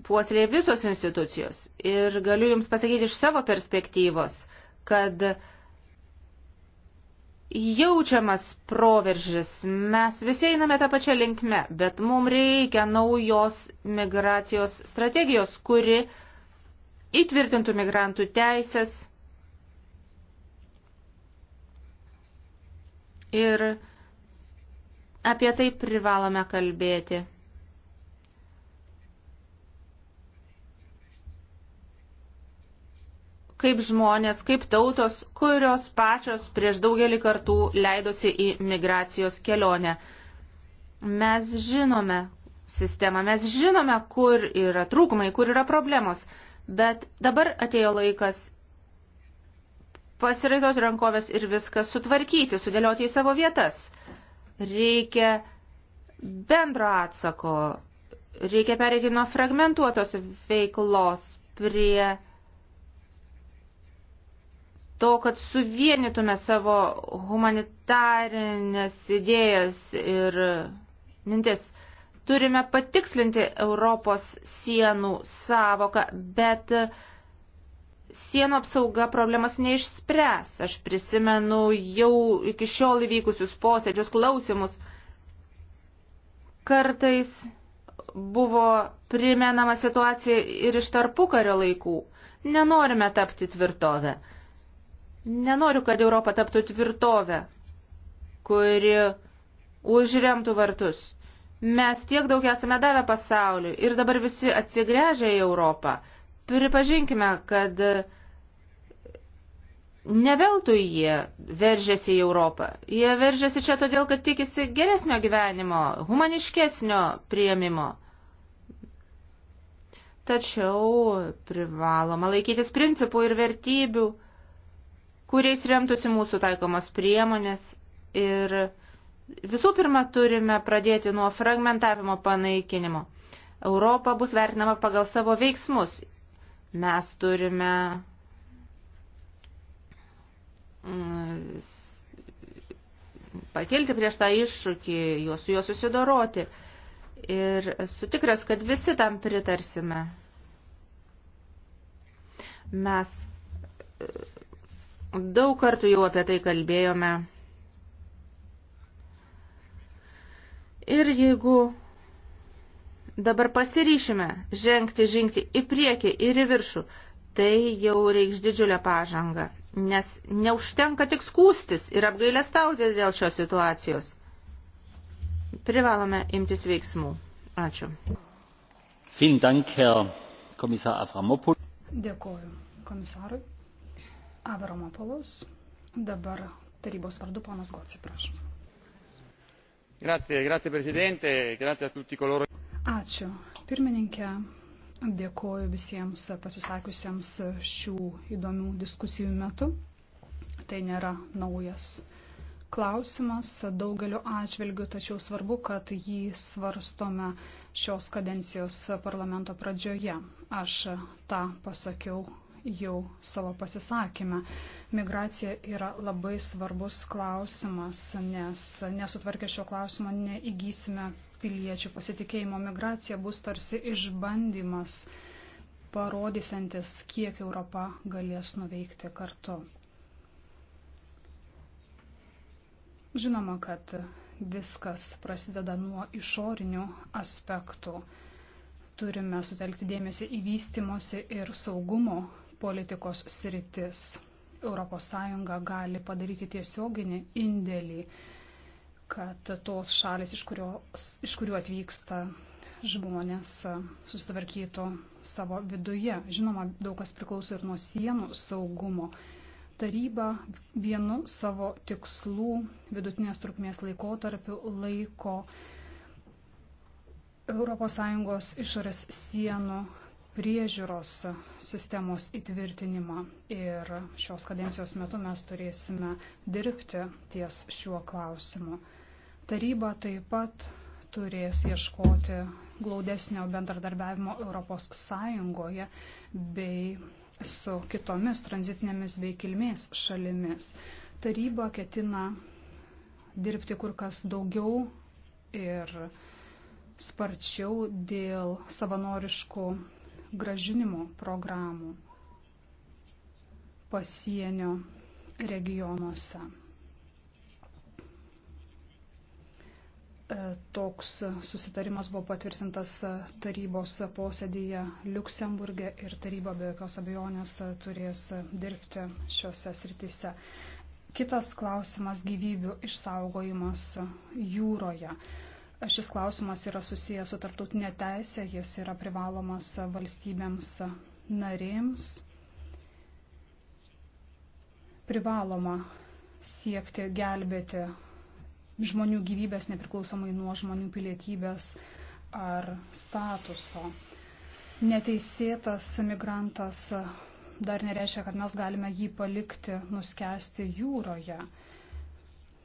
puoselėja visos institucijos. Ir galiu Jums pasakyti iš savo perspektyvos, kad jaučiamas proveržis, mes visi einame tą pačią linkmę, bet mums reikia naujos migracijos strategijos, kuri uh, įtvirtintų migrantų teisės ir apie tai privalome kalbėti. kaip žmonės, kaip tautos, kurios pačios prieš daugelį kartų leidosi į migracijos kelionę. Mes žinome sistemą, mes žinome, kur yra trūkumai, kur yra problemos. Bet dabar atėjo laikas pasiraitoti rankovės ir viską sutvarkyti, sudėlioti į savo vietas. Reikia bendro atsako, reikia pereiti nuo fragmentuotos veiklos prie to, kad suvienytume savo humanitarinės idėjas ir mintis. Turime patikslinti Europos sienų savoką, bet sienų apsauga problemas neišspręs. Aš prisimenu jau iki šiol įvykusius posėdžius klausimus. Kartais buvo primenama situacija ir iš tarpukario laikų. Nenorime tapti tvirtovę. Nenoriu, kad Europa taptų tvirtovę, kuri užremtų vartus. Mes tiek daug esame davę pasauliu ir dabar visi atsigręžia į Europą. Pripažinkime, kad neveltui jie veržiasi į Europą. Jie veržiasi čia todėl, kad tikisi geresnio gyvenimo, humaniškesnio prieimimo. Tačiau privaloma laikytis principų ir vertybių, kuriais remtųsi mūsų taikomos priemonės ir Visų pirma, turime pradėti nuo fragmentavimo panaikinimo. Europa bus vertinama pagal savo veiksmus. Mes turime mm, pakilti prieš tą iššūkį, juos su juo susidoroti. Ir sutikras, kad visi tam pritarsime. Mes e, daug kartų jau apie tai kalbėjome. Ir jeigu dabar pasiryšime žengti žingsnį į priekį ir į viršų, tai jau reikš didžiulę pažangą, nes neužtenka tik skūstis ir apgailestauti dėl šios situacijos. Privalome imtis veiksmų. Ačiū. Dėkuoju komisarui Avramopolos. Dabar tarybos vardu ponas Goci, prašom. Grazie, grazie Presidente, grazie a tutti coloro. Ačiū. Pirmininkė, dėkoju visiems pasisakiusiems šių įdomių diskusijų metu. Tai nėra naujas klausimas daugeliu atžvilgių, tačiau svarbu, kad jį svarstome šios kadencijos parlamento pradžioje. Aš tą pasakiau jau savo pasisakymę. Migracija yra labai svarbus klausimas, nes nesutvarkę šio klausimo neįgysime piliečių pasitikėjimo. Migracija bus tarsi išbandymas, parodysantis, kiek Europa galės nuveikti kartu. Žinoma, kad viskas prasideda nuo išorinių aspektų turime sutelkti dėmesį į vystimosi ir saugumo politikos sritis. ES gali padaryti tiesioginį indėlį, kad tos šalis, iš, kurios, iš kurių atvyksta žmonės, susitvarkytų savo viduje. Žinoma, daug kas priklauso ir nuo sienų saugumo. Taryba vienu savo tikslų vidutinės trukmės laikotarpiu laiko ES išorės sienų priežiūros sistemos įtvirtinimą ir šios kadencijos metu mes turėsime dirbti ties šiuo klausimu. Taryba taip pat turės ieškoti glaudesnio bendradarbiavimo Europos Sąjungoje bei su kitomis tranzitinėmis bei kilmės šalimis. Taryba ketina dirbti kur kas daugiau ir sparčiau dėl savanoriškų gražinimo programų pasienio regionuose. E, toks susitarimas buvo patvirtintas tarybos posėdėje Luksemburgė ir taryba be jokios abejonės turės dirbti šiuose srityse. Kitas klausimas - gyvybių išsaugojimas jūroje. Šis klausimas yra susijęs su tarptautinė teisė, jis yra privalomas valstybėms narėms. Privaloma siekti gelbėti žmonių gyvybės nepriklausomai nuo žmonių pilietybės ar statuso. Neteisėtas migrantas dar nereiškia, kad mes galime jį palikti nuskesti jūroje.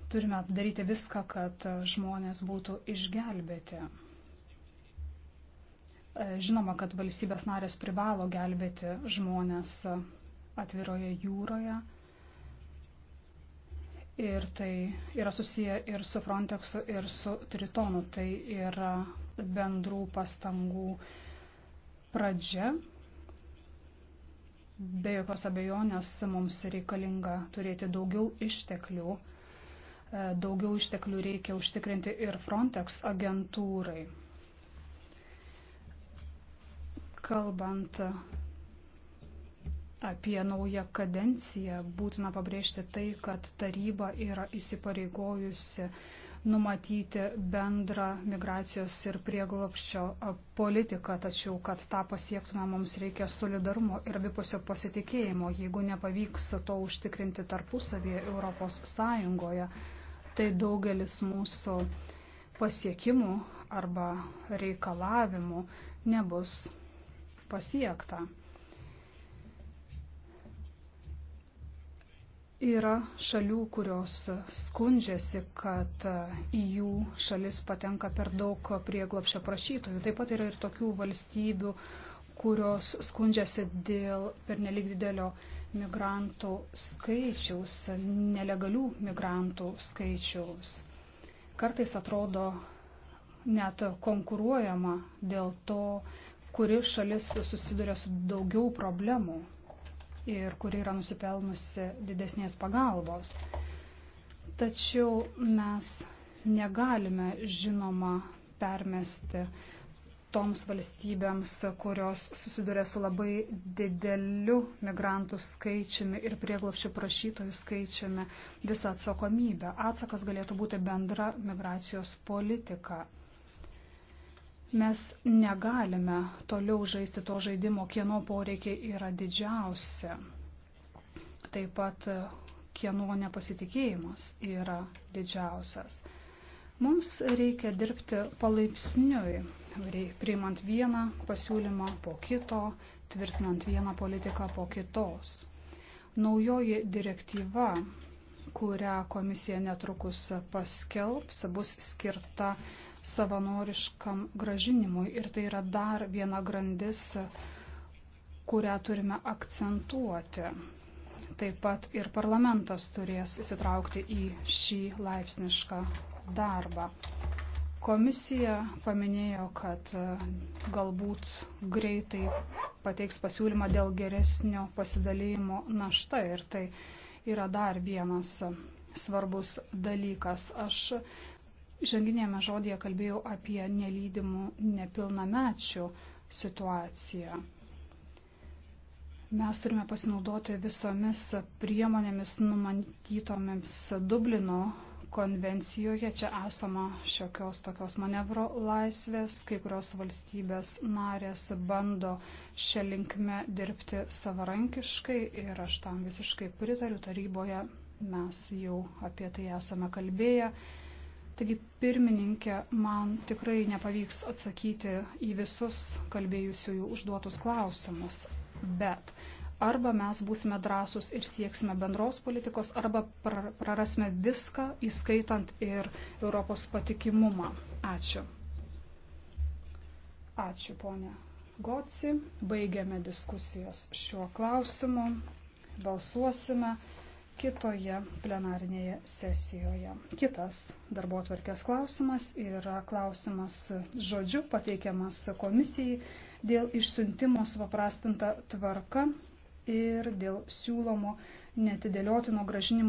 Turime daryti viską, kad žmonės būtų išgelbėti. E, žinoma, kad valstybės narės privalo gelbėti žmonės atviroje jūroje. Ir tai yra susiję ir su Frontexu, ir su Tritonu. Tai yra bendrų pastangų pradžia. Be jokios abejonės mums reikalinga turėti daugiau išteklių E, daugiau išteklių reikia užtikrinti ir Frontex agentūrai. Kalbant apie naują kadenciją, būtina pabrėžti tai, kad taryba yra įsipareigojusi numatyti bendrą migracijos ir prieglopščio politiką, tačiau, kad tą pasiektume, mums reikia solidarumo ir abipusio pasitikėjimo, jeigu nepavyks to užtikrinti tarpusavėje Europos Sąjungoje tai daugelis mūsų pasiekimų arba reikalavimų nebus pasiekta. Yra šalių, kurios skundžiasi, kad į jų šalis patenka per daug prieglopšio prašytojų. Taip pat yra ir tokių valstybių, kurios skundžiasi dėl pernelik didelio migrantų skaičiaus, nelegalių migrantų skaičiaus. Kartais atrodo net konkuruojama dėl to, kuri šalis susiduria su daugiau problemų ir kuri yra nusipelnusi didesnės pagalbos. Tačiau mes negalime, žinoma, permesti uh, toms valstybėms, kurios susiduria su labai dideliu migrantų skaičiumi ir prieglopščių prašytojų skaičiumi visą atsakomybę. Atsakas galėtų būti bendra migracijos politika. Mes negalime toliau žaisti to žaidimo, kieno poreikiai yra didžiausia. Taip pat kieno nepasitikėjimas yra didžiausias. Mums reikia dirbti palaipsniui, priimant vieną pasiūlymą po kito, tvirtinant vieną politiką po kitos. Naujoji direktyva, kurią komisija netrukus paskelbs, bus skirta savanoriškam gražinimui ir tai yra dar viena grandis, kurią turime akcentuoti. Taip pat ir parlamentas turės įsitraukti į šį laipsnišką darbą. Komisija paminėjo, kad e, galbūt greitai pateiks pasiūlymą dėl geresnio pasidalymo našta ir tai yra dar vienas svarbus dalykas. Aš žanginėme žodėje kalbėjau apie nelydimų nepilnamečių situaciją. Mes turime pasinaudoti visomis priemonėmis numatytomis Dublino konvencijoje čia esama šiokios tokios manevro laisvės, kai kurios valstybės narės bando šią linkmę dirbti savarankiškai ir aš tam visiškai pritariu taryboje, mes jau apie tai esame kalbėję. Taigi, pirmininkė, man tikrai nepavyks atsakyti į visus kalbėjusiųjų užduotus klausimus, bet arba mes būsime drąsūs ir sieksime bendros politikos, arba prarasime viską, įskaitant ir Europos patikimumą. Ačiū. Ačiū, ponė Goci. Baigiame diskusijas šiuo klausimu. Balsuosime kitoje plenarinėje sesijoje. Kitas darbo atvarkės klausimas yra klausimas žodžiu pateikiamas komisijai dėl išsiuntimo supaprastinta tvarka ir dėl siūlomo netidėliotino gražinimo